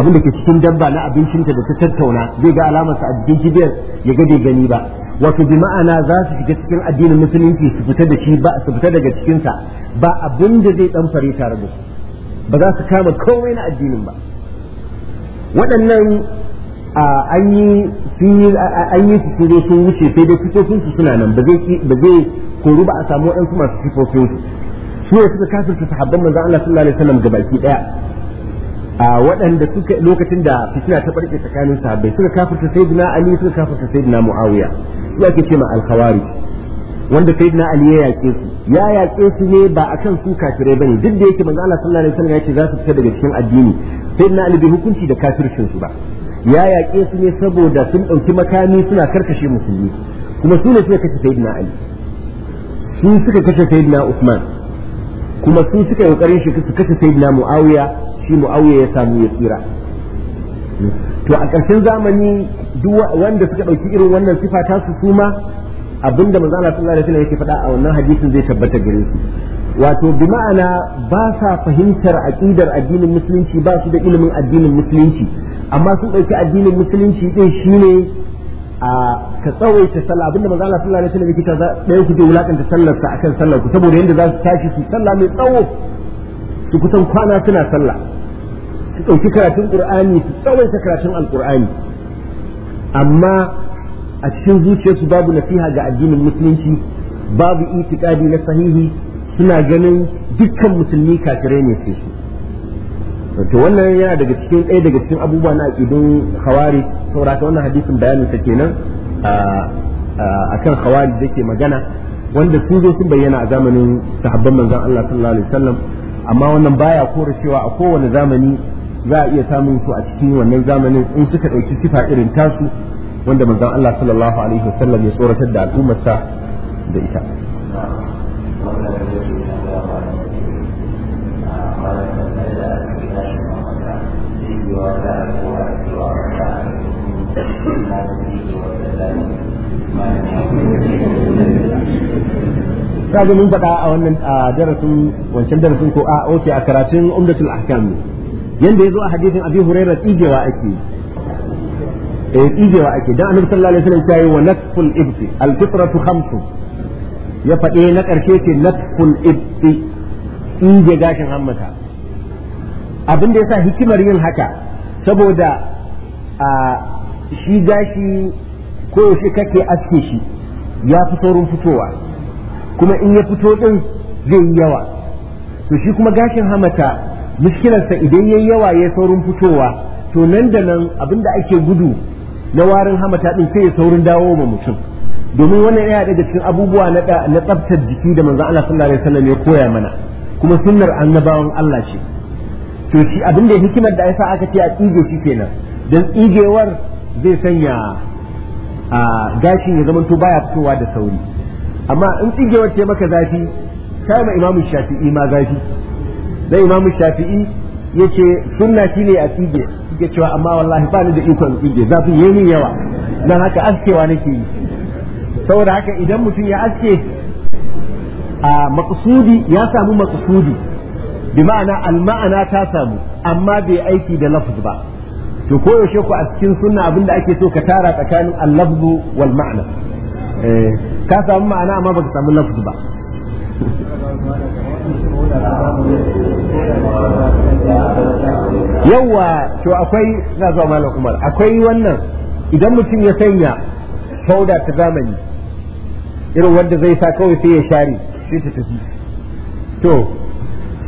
abin da ke cikin dabba na abincinta da ta tattauna zai ga alamar a jikin kibiyar ya ga bai gani ba wato bi ma'ana za su shiga cikin addinin musulunci su fita da shi ba su fita daga cikinsa ba abin da zai dan fare tare da su ba za su kama komai na addinin ba waɗannan an yi an sun wuce sai dai fitofin su suna nan ba zai koru ba a samu waɗansu masu fitofin su su ne suka su sahabban manzo Allah sallallahu alaihi wasallam gabaki daya a waɗanda suka lokacin da fitina ta barke tsakanin sahabbai suka su sayyidina Ali suka su sayyidina Muawiya su ke ce ma al-khawarij wanda sayyidina Ali ya yaƙe su ya yaƙe su ne ba akan su kafirai bane duk da yake manzo Allah sallallahu alaihi wasallam ya ce za su fita daga cikin addini sayyidina Ali bai hukunci da kafircin su ba ya yaƙe su ne saboda sun ɗauki makami suna karkashe musulmi kuma su ne suka kashe sayyidina ali su suka kashe sayyidina usman kuma su suka yi shi su kashe sayyidina muawiya shi muawiya ya samu ya tsira to a ƙarshen zamani duk wanda suka ɗauki irin wannan sifa ta su suma abinda manzo Allah sallallahu alaihi yake faɗa a wannan hadisin zai tabbata gare su wato bi ma'ana ba sa fahimtar aqidar addinin musulunci ba su da ilimin addinin musulunci amma sun ɗauki addinin musulunci ɗin shine a ka tsawaita sallah abinda manzo Allah sallah alaihi wasallam yake cewa ɗaya ku je wulakanta sallar sa akan sallar ku saboda yanda za su tashi su sallah mai tsawo su kusan kwana suna sallah su ɗauki karatun qur'ani su tsawaita karatun alqur'ani amma a cikin zuciyarsu babu nasiha ga addinin musulunci babu itikadi na sahihi suna ganin dukkan musulmi kafirai ne sai su to wannan yana daga cikin ɗaya daga cikin abubuwa na aƙidun khawari saboda ta wannan hadisin bayanin ta kenan a kan khawari da ke magana wanda su zo sun bayyana a zamanin sahabban manzon Allah sallallahu alaihi wasallam amma wannan baya kore cewa a kowane zamani za a iya samun su a cikin wannan zamanin in suka ɗauki sifa irin tasu wanda manzon Allah sallallahu alaihi wasallam ya tsoratar da al'ummarsa da ita ka ga mun faɗa a wannan darasin wancan darasin ko a oke a karatun umdatul ahkam yanda yazo a hadisin abi hurairah tsigewa ake eh tsigewa ake dan annabi sallallahu alaihi wasallam yayi wa nakful ibti al fitratu khamsu ya faɗe na karshe ce nakful ibti tsige gashin hammata abin da yasa hikimar yin haka saboda a shi gashi ko yaushe kake aske shi ya fi saurin fitowa kuma in ya fito din zai yi yawa to shi kuma gashin hamata mushkilarsa idan yayi yawa ya saurin fitowa to nan da nan abinda ake gudu na warin hamata din sai ya saurin dawo ma mutum domin wannan yana daga cikin abubuwa na na tsaftar jiki da manzon Allah sallallahu alaihi wasallam ya koya mana kuma sunnar annabawan Allah ce to shi abinda hikimar da yasa aka ce a tsige shi kenan dan tsigewar zai sanya a gashin ya zamanto baya fitowa da sauri amma in tsigewar ce maka zafi kai ma imamu shafi'i ma zafi dan imamu shafi'i yace sunna ne a tsige suke cewa amma wallahi ba ni da ikon tsige zafin yayi min yawa dan haka askewa nake yi saboda haka idan mutum ya aske a maqsudi ya samu maksudi bi ma'ana alma'ana ta samu amma bai aiki da lafz ba to koyaushe ku a cikin sunna abinda ake so ka tara tsakanin al wal ma'ana Eh, ka samu ma'ana amma baka samu lafzi ba yawa to akwai na zuwa malam umar akwai wannan idan mutum ya sanya fauda ta zamani irin wanda zai sa kawai sai ya share sai ta tafi to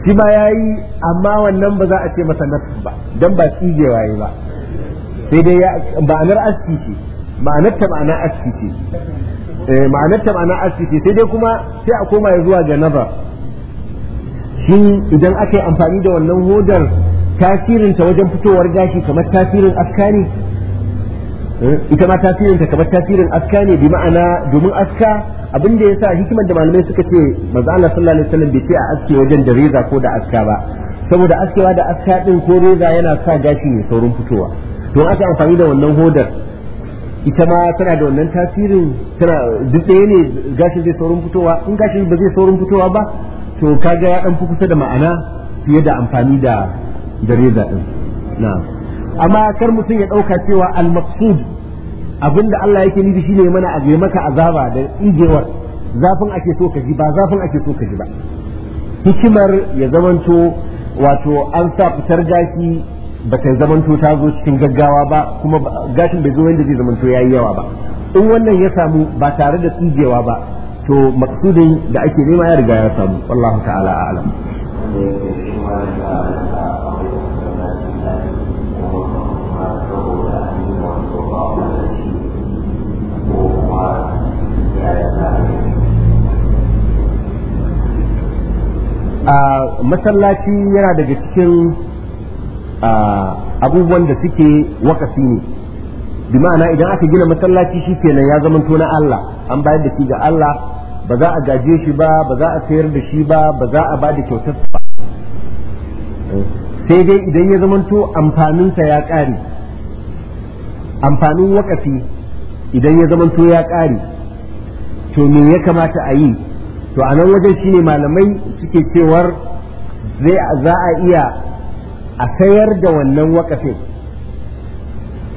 shi ma ya yi amma wannan ba za a ce masa nafsu ba don ba tsigewa ya ba sai dai ma'anar aski ce ma'anar ta ma'ana aski ce Eh, ma'anar ta ma'ana asibiti sai dai kuma sai a koma zuwa ga nazar shin idan aka yi amfani da wannan hodar tasirinta wajen fitowar gashi kamar tasirin aska ne eh, ita ma tasirinta kamar tasirin aska ne bi ma'ana domin aska abin da ya sa hikimar da malamai suka ce manzo Allah sallallahu alaihi wasallam bai ce a aske wajen da reza ko da aska ba saboda askewa da aska din ko reza yana sa gashi ne saurin fitowa to aka amfani da wannan hodar ita ma tana da wannan tasirin tana dutse ne gashin zai saurin fitowa in gashin ba zai saurin fitowa ba to kaga ya dan fi kusa da ma'ana fiye da amfani da da reza na amma kar mutum ya ɗauka cewa al-maqsud abinda Allah yake nufi shine mana a maka azaba da igewar zafin ake so ka ji ba zafin ake so ka ji ba hikimar ya zamanto wato an sa fitar gashi ba ta zamanto ta zo cikin gaggawa ba kuma gashin bai zo yadda zai zamanto yayi yawa ba in wannan ya samu ba tare da tsigewa ba to maksudin da ake nema ya riga ya samu wallahu ta'ala a'lam a masallaci yana daga cikin abubuwan da suke wakasi ne bi ma'ana idan aka gina masallaci shi kenan ya zama na Allah an bayar da shi ga Allah ba za a gaje shi ba ba za a sayar da shi ba ba za a ba da kyautar ba sai dai idan ya zamanto amfaninsa ya ƙare amfanin wakafi idan ya zamanto ya ƙare to me ya kamata a yi to a nan wajen shine malamai suke cewar za a iya a sayar da wannan wakafin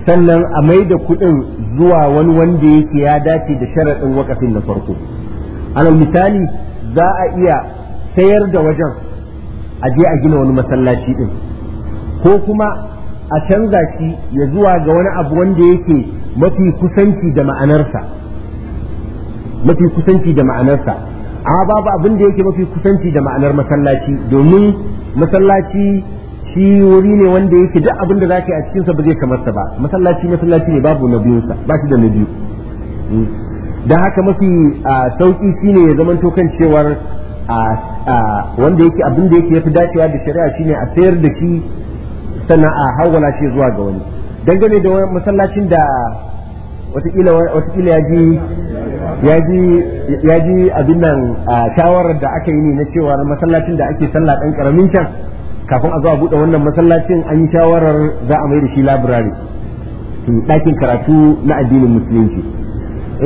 sannan a mai da kuɗin zuwa wani wanda yake ya dace da sharaɗin wakafin na farko ana misali za a iya sayar da wajen a je a gina wani masallaci ɗin ko kuma a canza shi ya zuwa ga wani abu wanda yake mafi kusanci da ma'anarsa mafi kusanci da ma'anarsa amma babu abin da yake mafi kusanci da ma'anar masallaci domin masallaci shi wuri ne wanda yake duk abin da zaka yi a cikin sa ba zai kamar sa ba masallaci masallaci ne babu na biyun sa ba shi da na biyu hmm. dan haka mafi sauki shine ya to kan cewar wanda yake abin da yake yafi dacewa da shari'a shine a sayar da shi sannan a hawala shi zuwa ga wani dangane da masallacin da watakila ya ji ya ji abin nan shawarar da aka yi ne na cewa masallacin da ake sallah dan karamin can kafin a zo a buɗe wannan masallacin an yi shawarar za a mai da shi labirari ɗakin karatu na addinin musulunci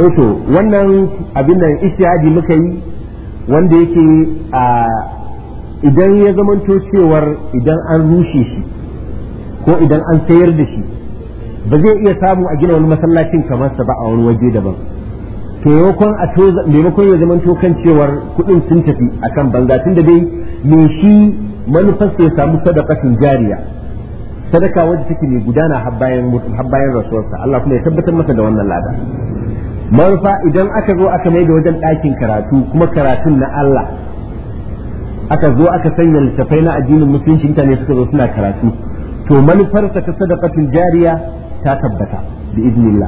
eh to wannan abin nan ishtihadi muka yi wanda yake a idan ya zamanto cewar idan an rushe shi ko idan an sayar da shi ba zai iya samu a gina wani masallacin kamar sa ba a wani waje daban to to maimakon ya zamanto kan cewar kuɗin sun tafi akan banza tun da dai me shi manufarsa ya samu sadaqatin jariya sadaka wadda take mai gudana har rasuwarsa Allah kuma ya tabbatar masa da wannan lada manufa idan aka zo aka mai da wajen ɗakin karatu kuma karatun na Allah aka zo aka sanya littafai na addinin musulunci mutane suka zo suna karatu to manufarsa ta sadaqatin jariya ta tabbata bi idnillah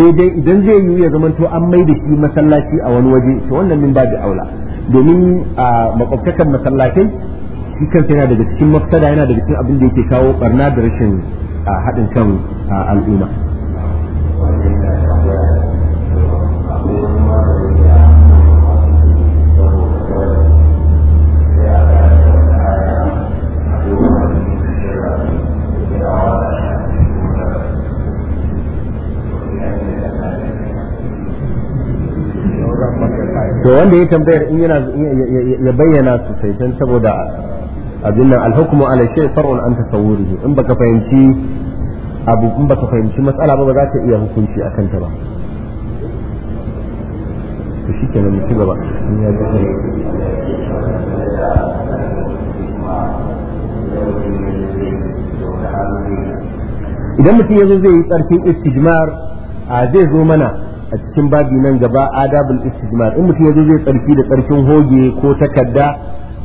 sai dai idan zai yiwu ya zamanto an mai da shi masallaci a wani waje to wannan min babu aula domin a ah, makwabtakan masallatai shi kansa yana daga cikin mafsada yana daga cikin abin da yake kawo barna da rashin haɗin kan al'umma to wanda ya tambayar in yana ya bayyana sosai don saboda abin nan alhukumu ala shay far'un an tasawwurihi in baka fahimci abu in baka fahimci matsala ba ba za ta iya hukunci akan ta ba to shikenan mu ci gaba ya ga idan mutum ya zo zai yi tsarkin istijmar a zai zo mana a cikin babi nan gaba adabul istijmar in mutum ya zo zai tsarki da tsarkin hoge ko takarda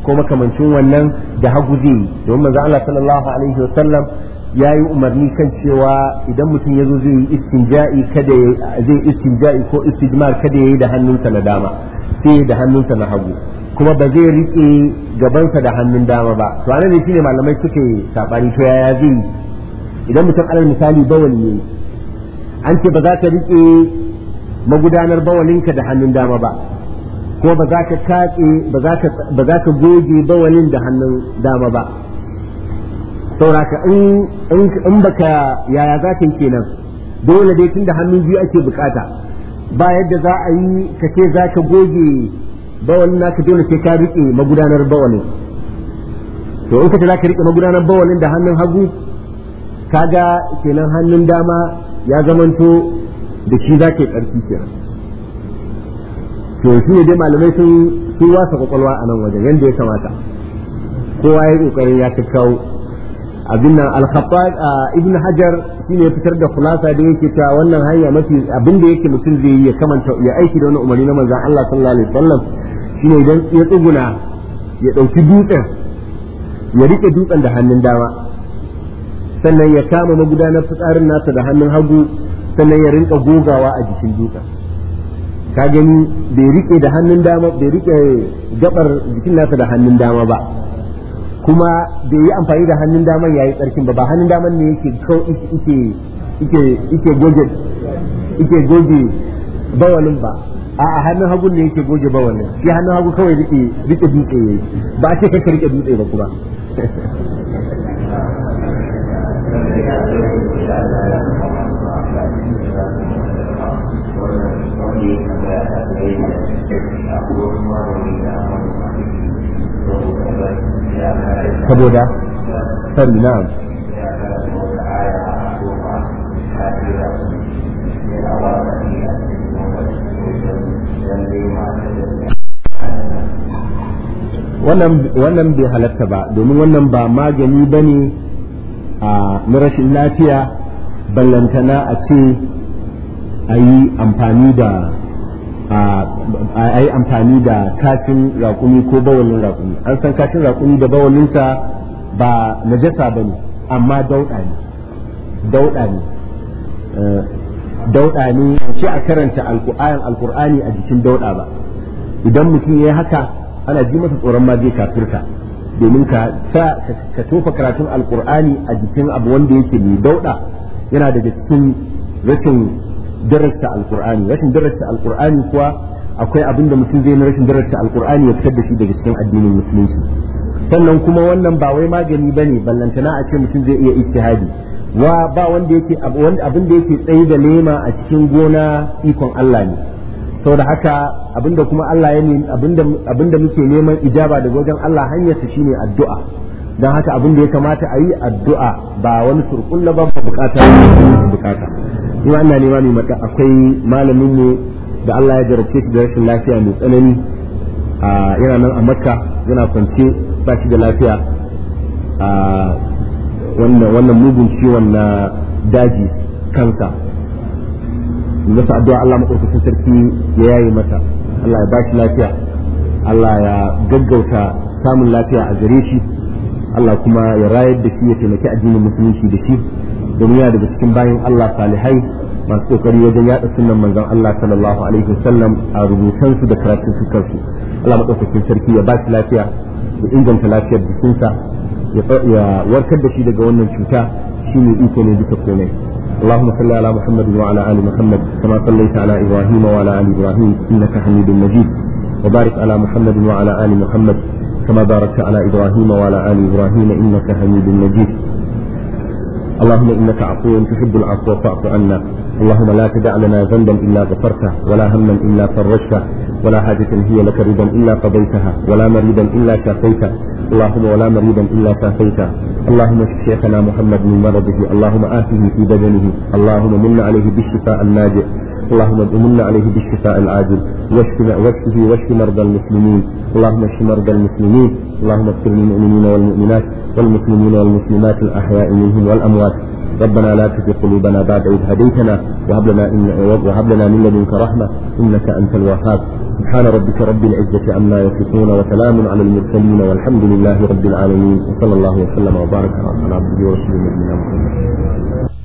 ko makamancin wannan da hagu zai yi domin manzo Allah sallallahu alaihi wasallam ya yi umarni kan cewa idan mutum yazo zai yi istinja'i kada zai istinja'i ko istijmar kada ya yi da hannunsa na dama sai da hannunsa na hagu kuma ba zai rike gabansa da hannun dama ba to anan ne shine malamai suke sabani to yaya zai idan mutum alal misali bawal ne an ce ba za ka riƙe magudanar bawalinka da hannun dama ba ko ba za ka katse ba za ka goge bawalin da hannun dama ba sauraka in baka yaya za ka kenan dole dai tun da hannun biyu ake bukata ba yadda za a yi ka ce za ka goge bawalin naka dole sai ka riƙe magudanar bawalin to in ka ce za ka riƙe magudanar bawalin da hannun hagu kaga kenan hannun dama ya zamanto da shi za ka yi ƙarfi kenan to shi ne dai malamai sun sun wasa kwakwalwa a nan wajen yadda ya kamata kowa ya yi kokarin ya kawo abin nan al a ibn hajar shi ya fitar da kulasa da yake ta wannan hanya mafi abin da yake mutum zai yi ya kamanta ya aiki da wani umarni na manzan Allah sallallahu alaihi wasallam shine idan ya tsuguna ya ɗauki dutsen ya rike dutsen da hannun dama sannan ya kama magudanar fitsarin nasa da hannun hagu sannan ya rinka gogawa a jikin dutsen ka gani bai rike da hannun dama bai rike gabar jikin nasa da hannun dama ba kuma bai yi amfani da hannun daman yayi tsarkin ba ba hannun daman ne yake kawo yake yake yake goge yake goge bawalin ba a hannun hagun ne yake goge bawalin shi hannun hagu kawai rike rike dutse yayi ba a ce ka rike dutse ba kuma saboda sari na'am wannan bai halatta ba domin wannan ba magani ba ne na rashin lafiya ballantana a ce a yi amfani da a yi amfani da kashin raƙumi ko bawalin raƙumi an san kashin raƙumi da bawalinsa ba najasa ba ne amma dauɗa ne dauɗa ne eh, dauɗa ne ce a karanta alƙu'ayan alƙur'ani a jikin dauɗa ba idan mutum ya yi haka ana ji masa tsoron ma zai kafirka domin ka tofa karatun alƙur'ani a jikin abu wanda yake mai dauɗa yana daga cikin rashin darasta alqur'ani rashin darasta alqur'ani kuwa akwai abinda mutum zai rashin darasta alqur'ani ya fitar da shi daga cikin addinin musulunci sannan kuma wannan ba wai magani bane ballantana a ce mutum zai iya ijtihadi wa ba wanda yake abin da yake tsaye da lema a cikin gona ikon Allah ne saboda haka abinda kuma Allah ya ne abinda muke neman ijaba daga wajen Allah hanyarsa shine addu'a don haka abin da ya kamata a yi addu'a ba wani surkulla ba ba bukata bukata in ana nema mai maka akwai malamin ne da Allah ya jarabce shi da rashin lafiya mai tsanani yana nan a makka yana kwance ba shi da lafiya wannan mugun ciwon na daji kansa sa addu'a Allah maɗaukakin sarki ya yayi masa Allah ya ba shi lafiya Allah ya gaggauta samun lafiya a gare shi Allah kuma ya rayar da shi ya taimaki addinin musulunci da shi domin yana daga cikin bayan Allah salihai masu kokari wajen yada sunan manzon Allah sallallahu alaihi wasallam a rubutansu da karatun su kansu Allah madaukakin sarki ya ba shi lafiya ya inganta lafiyar jikinsa ya warkar da shi daga wannan cuta shine iko ne duka komai اللهم صل على محمد وعلى ال محمد كما صليت على ابراهيم وعلى ال ابراهيم انك حميد مجيد وبارك على محمد وعلى ال محمد كما باركت على إبراهيم وعلى آل إبراهيم إنك حميد مجيد اللهم إنك عفو تحب العفو فاعف عنا اللهم لا تدع لنا ذنبا إلا غفرته ولا هما إلا فرجته ولا حاجة هي لك رضا إلا قضيتها ولا مريضا إلا شافيته اللهم ولا مريضا إلا شافيته اللهم اشف شيخنا محمد من مرضه اللهم آته في بدنه اللهم من عليه بالشفاء الناجئ اللهم ادمنا عليه بالشفاء العاجل واشف واشفه واشف مرضى المسلمين اللهم اشف مرضى المسلمين اللهم اغفر للمؤمنين والمؤمنات والمسلمين والمسلمات الأحياء منهم والأموات ربنا لا تزغ قلوبنا بعد إذ هديتنا وهب لنا إن وهب لنا من لدنك رحمة إنك أنت الوهاب سبحان ربك رب العزة عما يصفون وسلام على المرسلين والحمد لله رب العالمين وصلى الله وسلم وبارك على عبده ورسوله نبينا محمد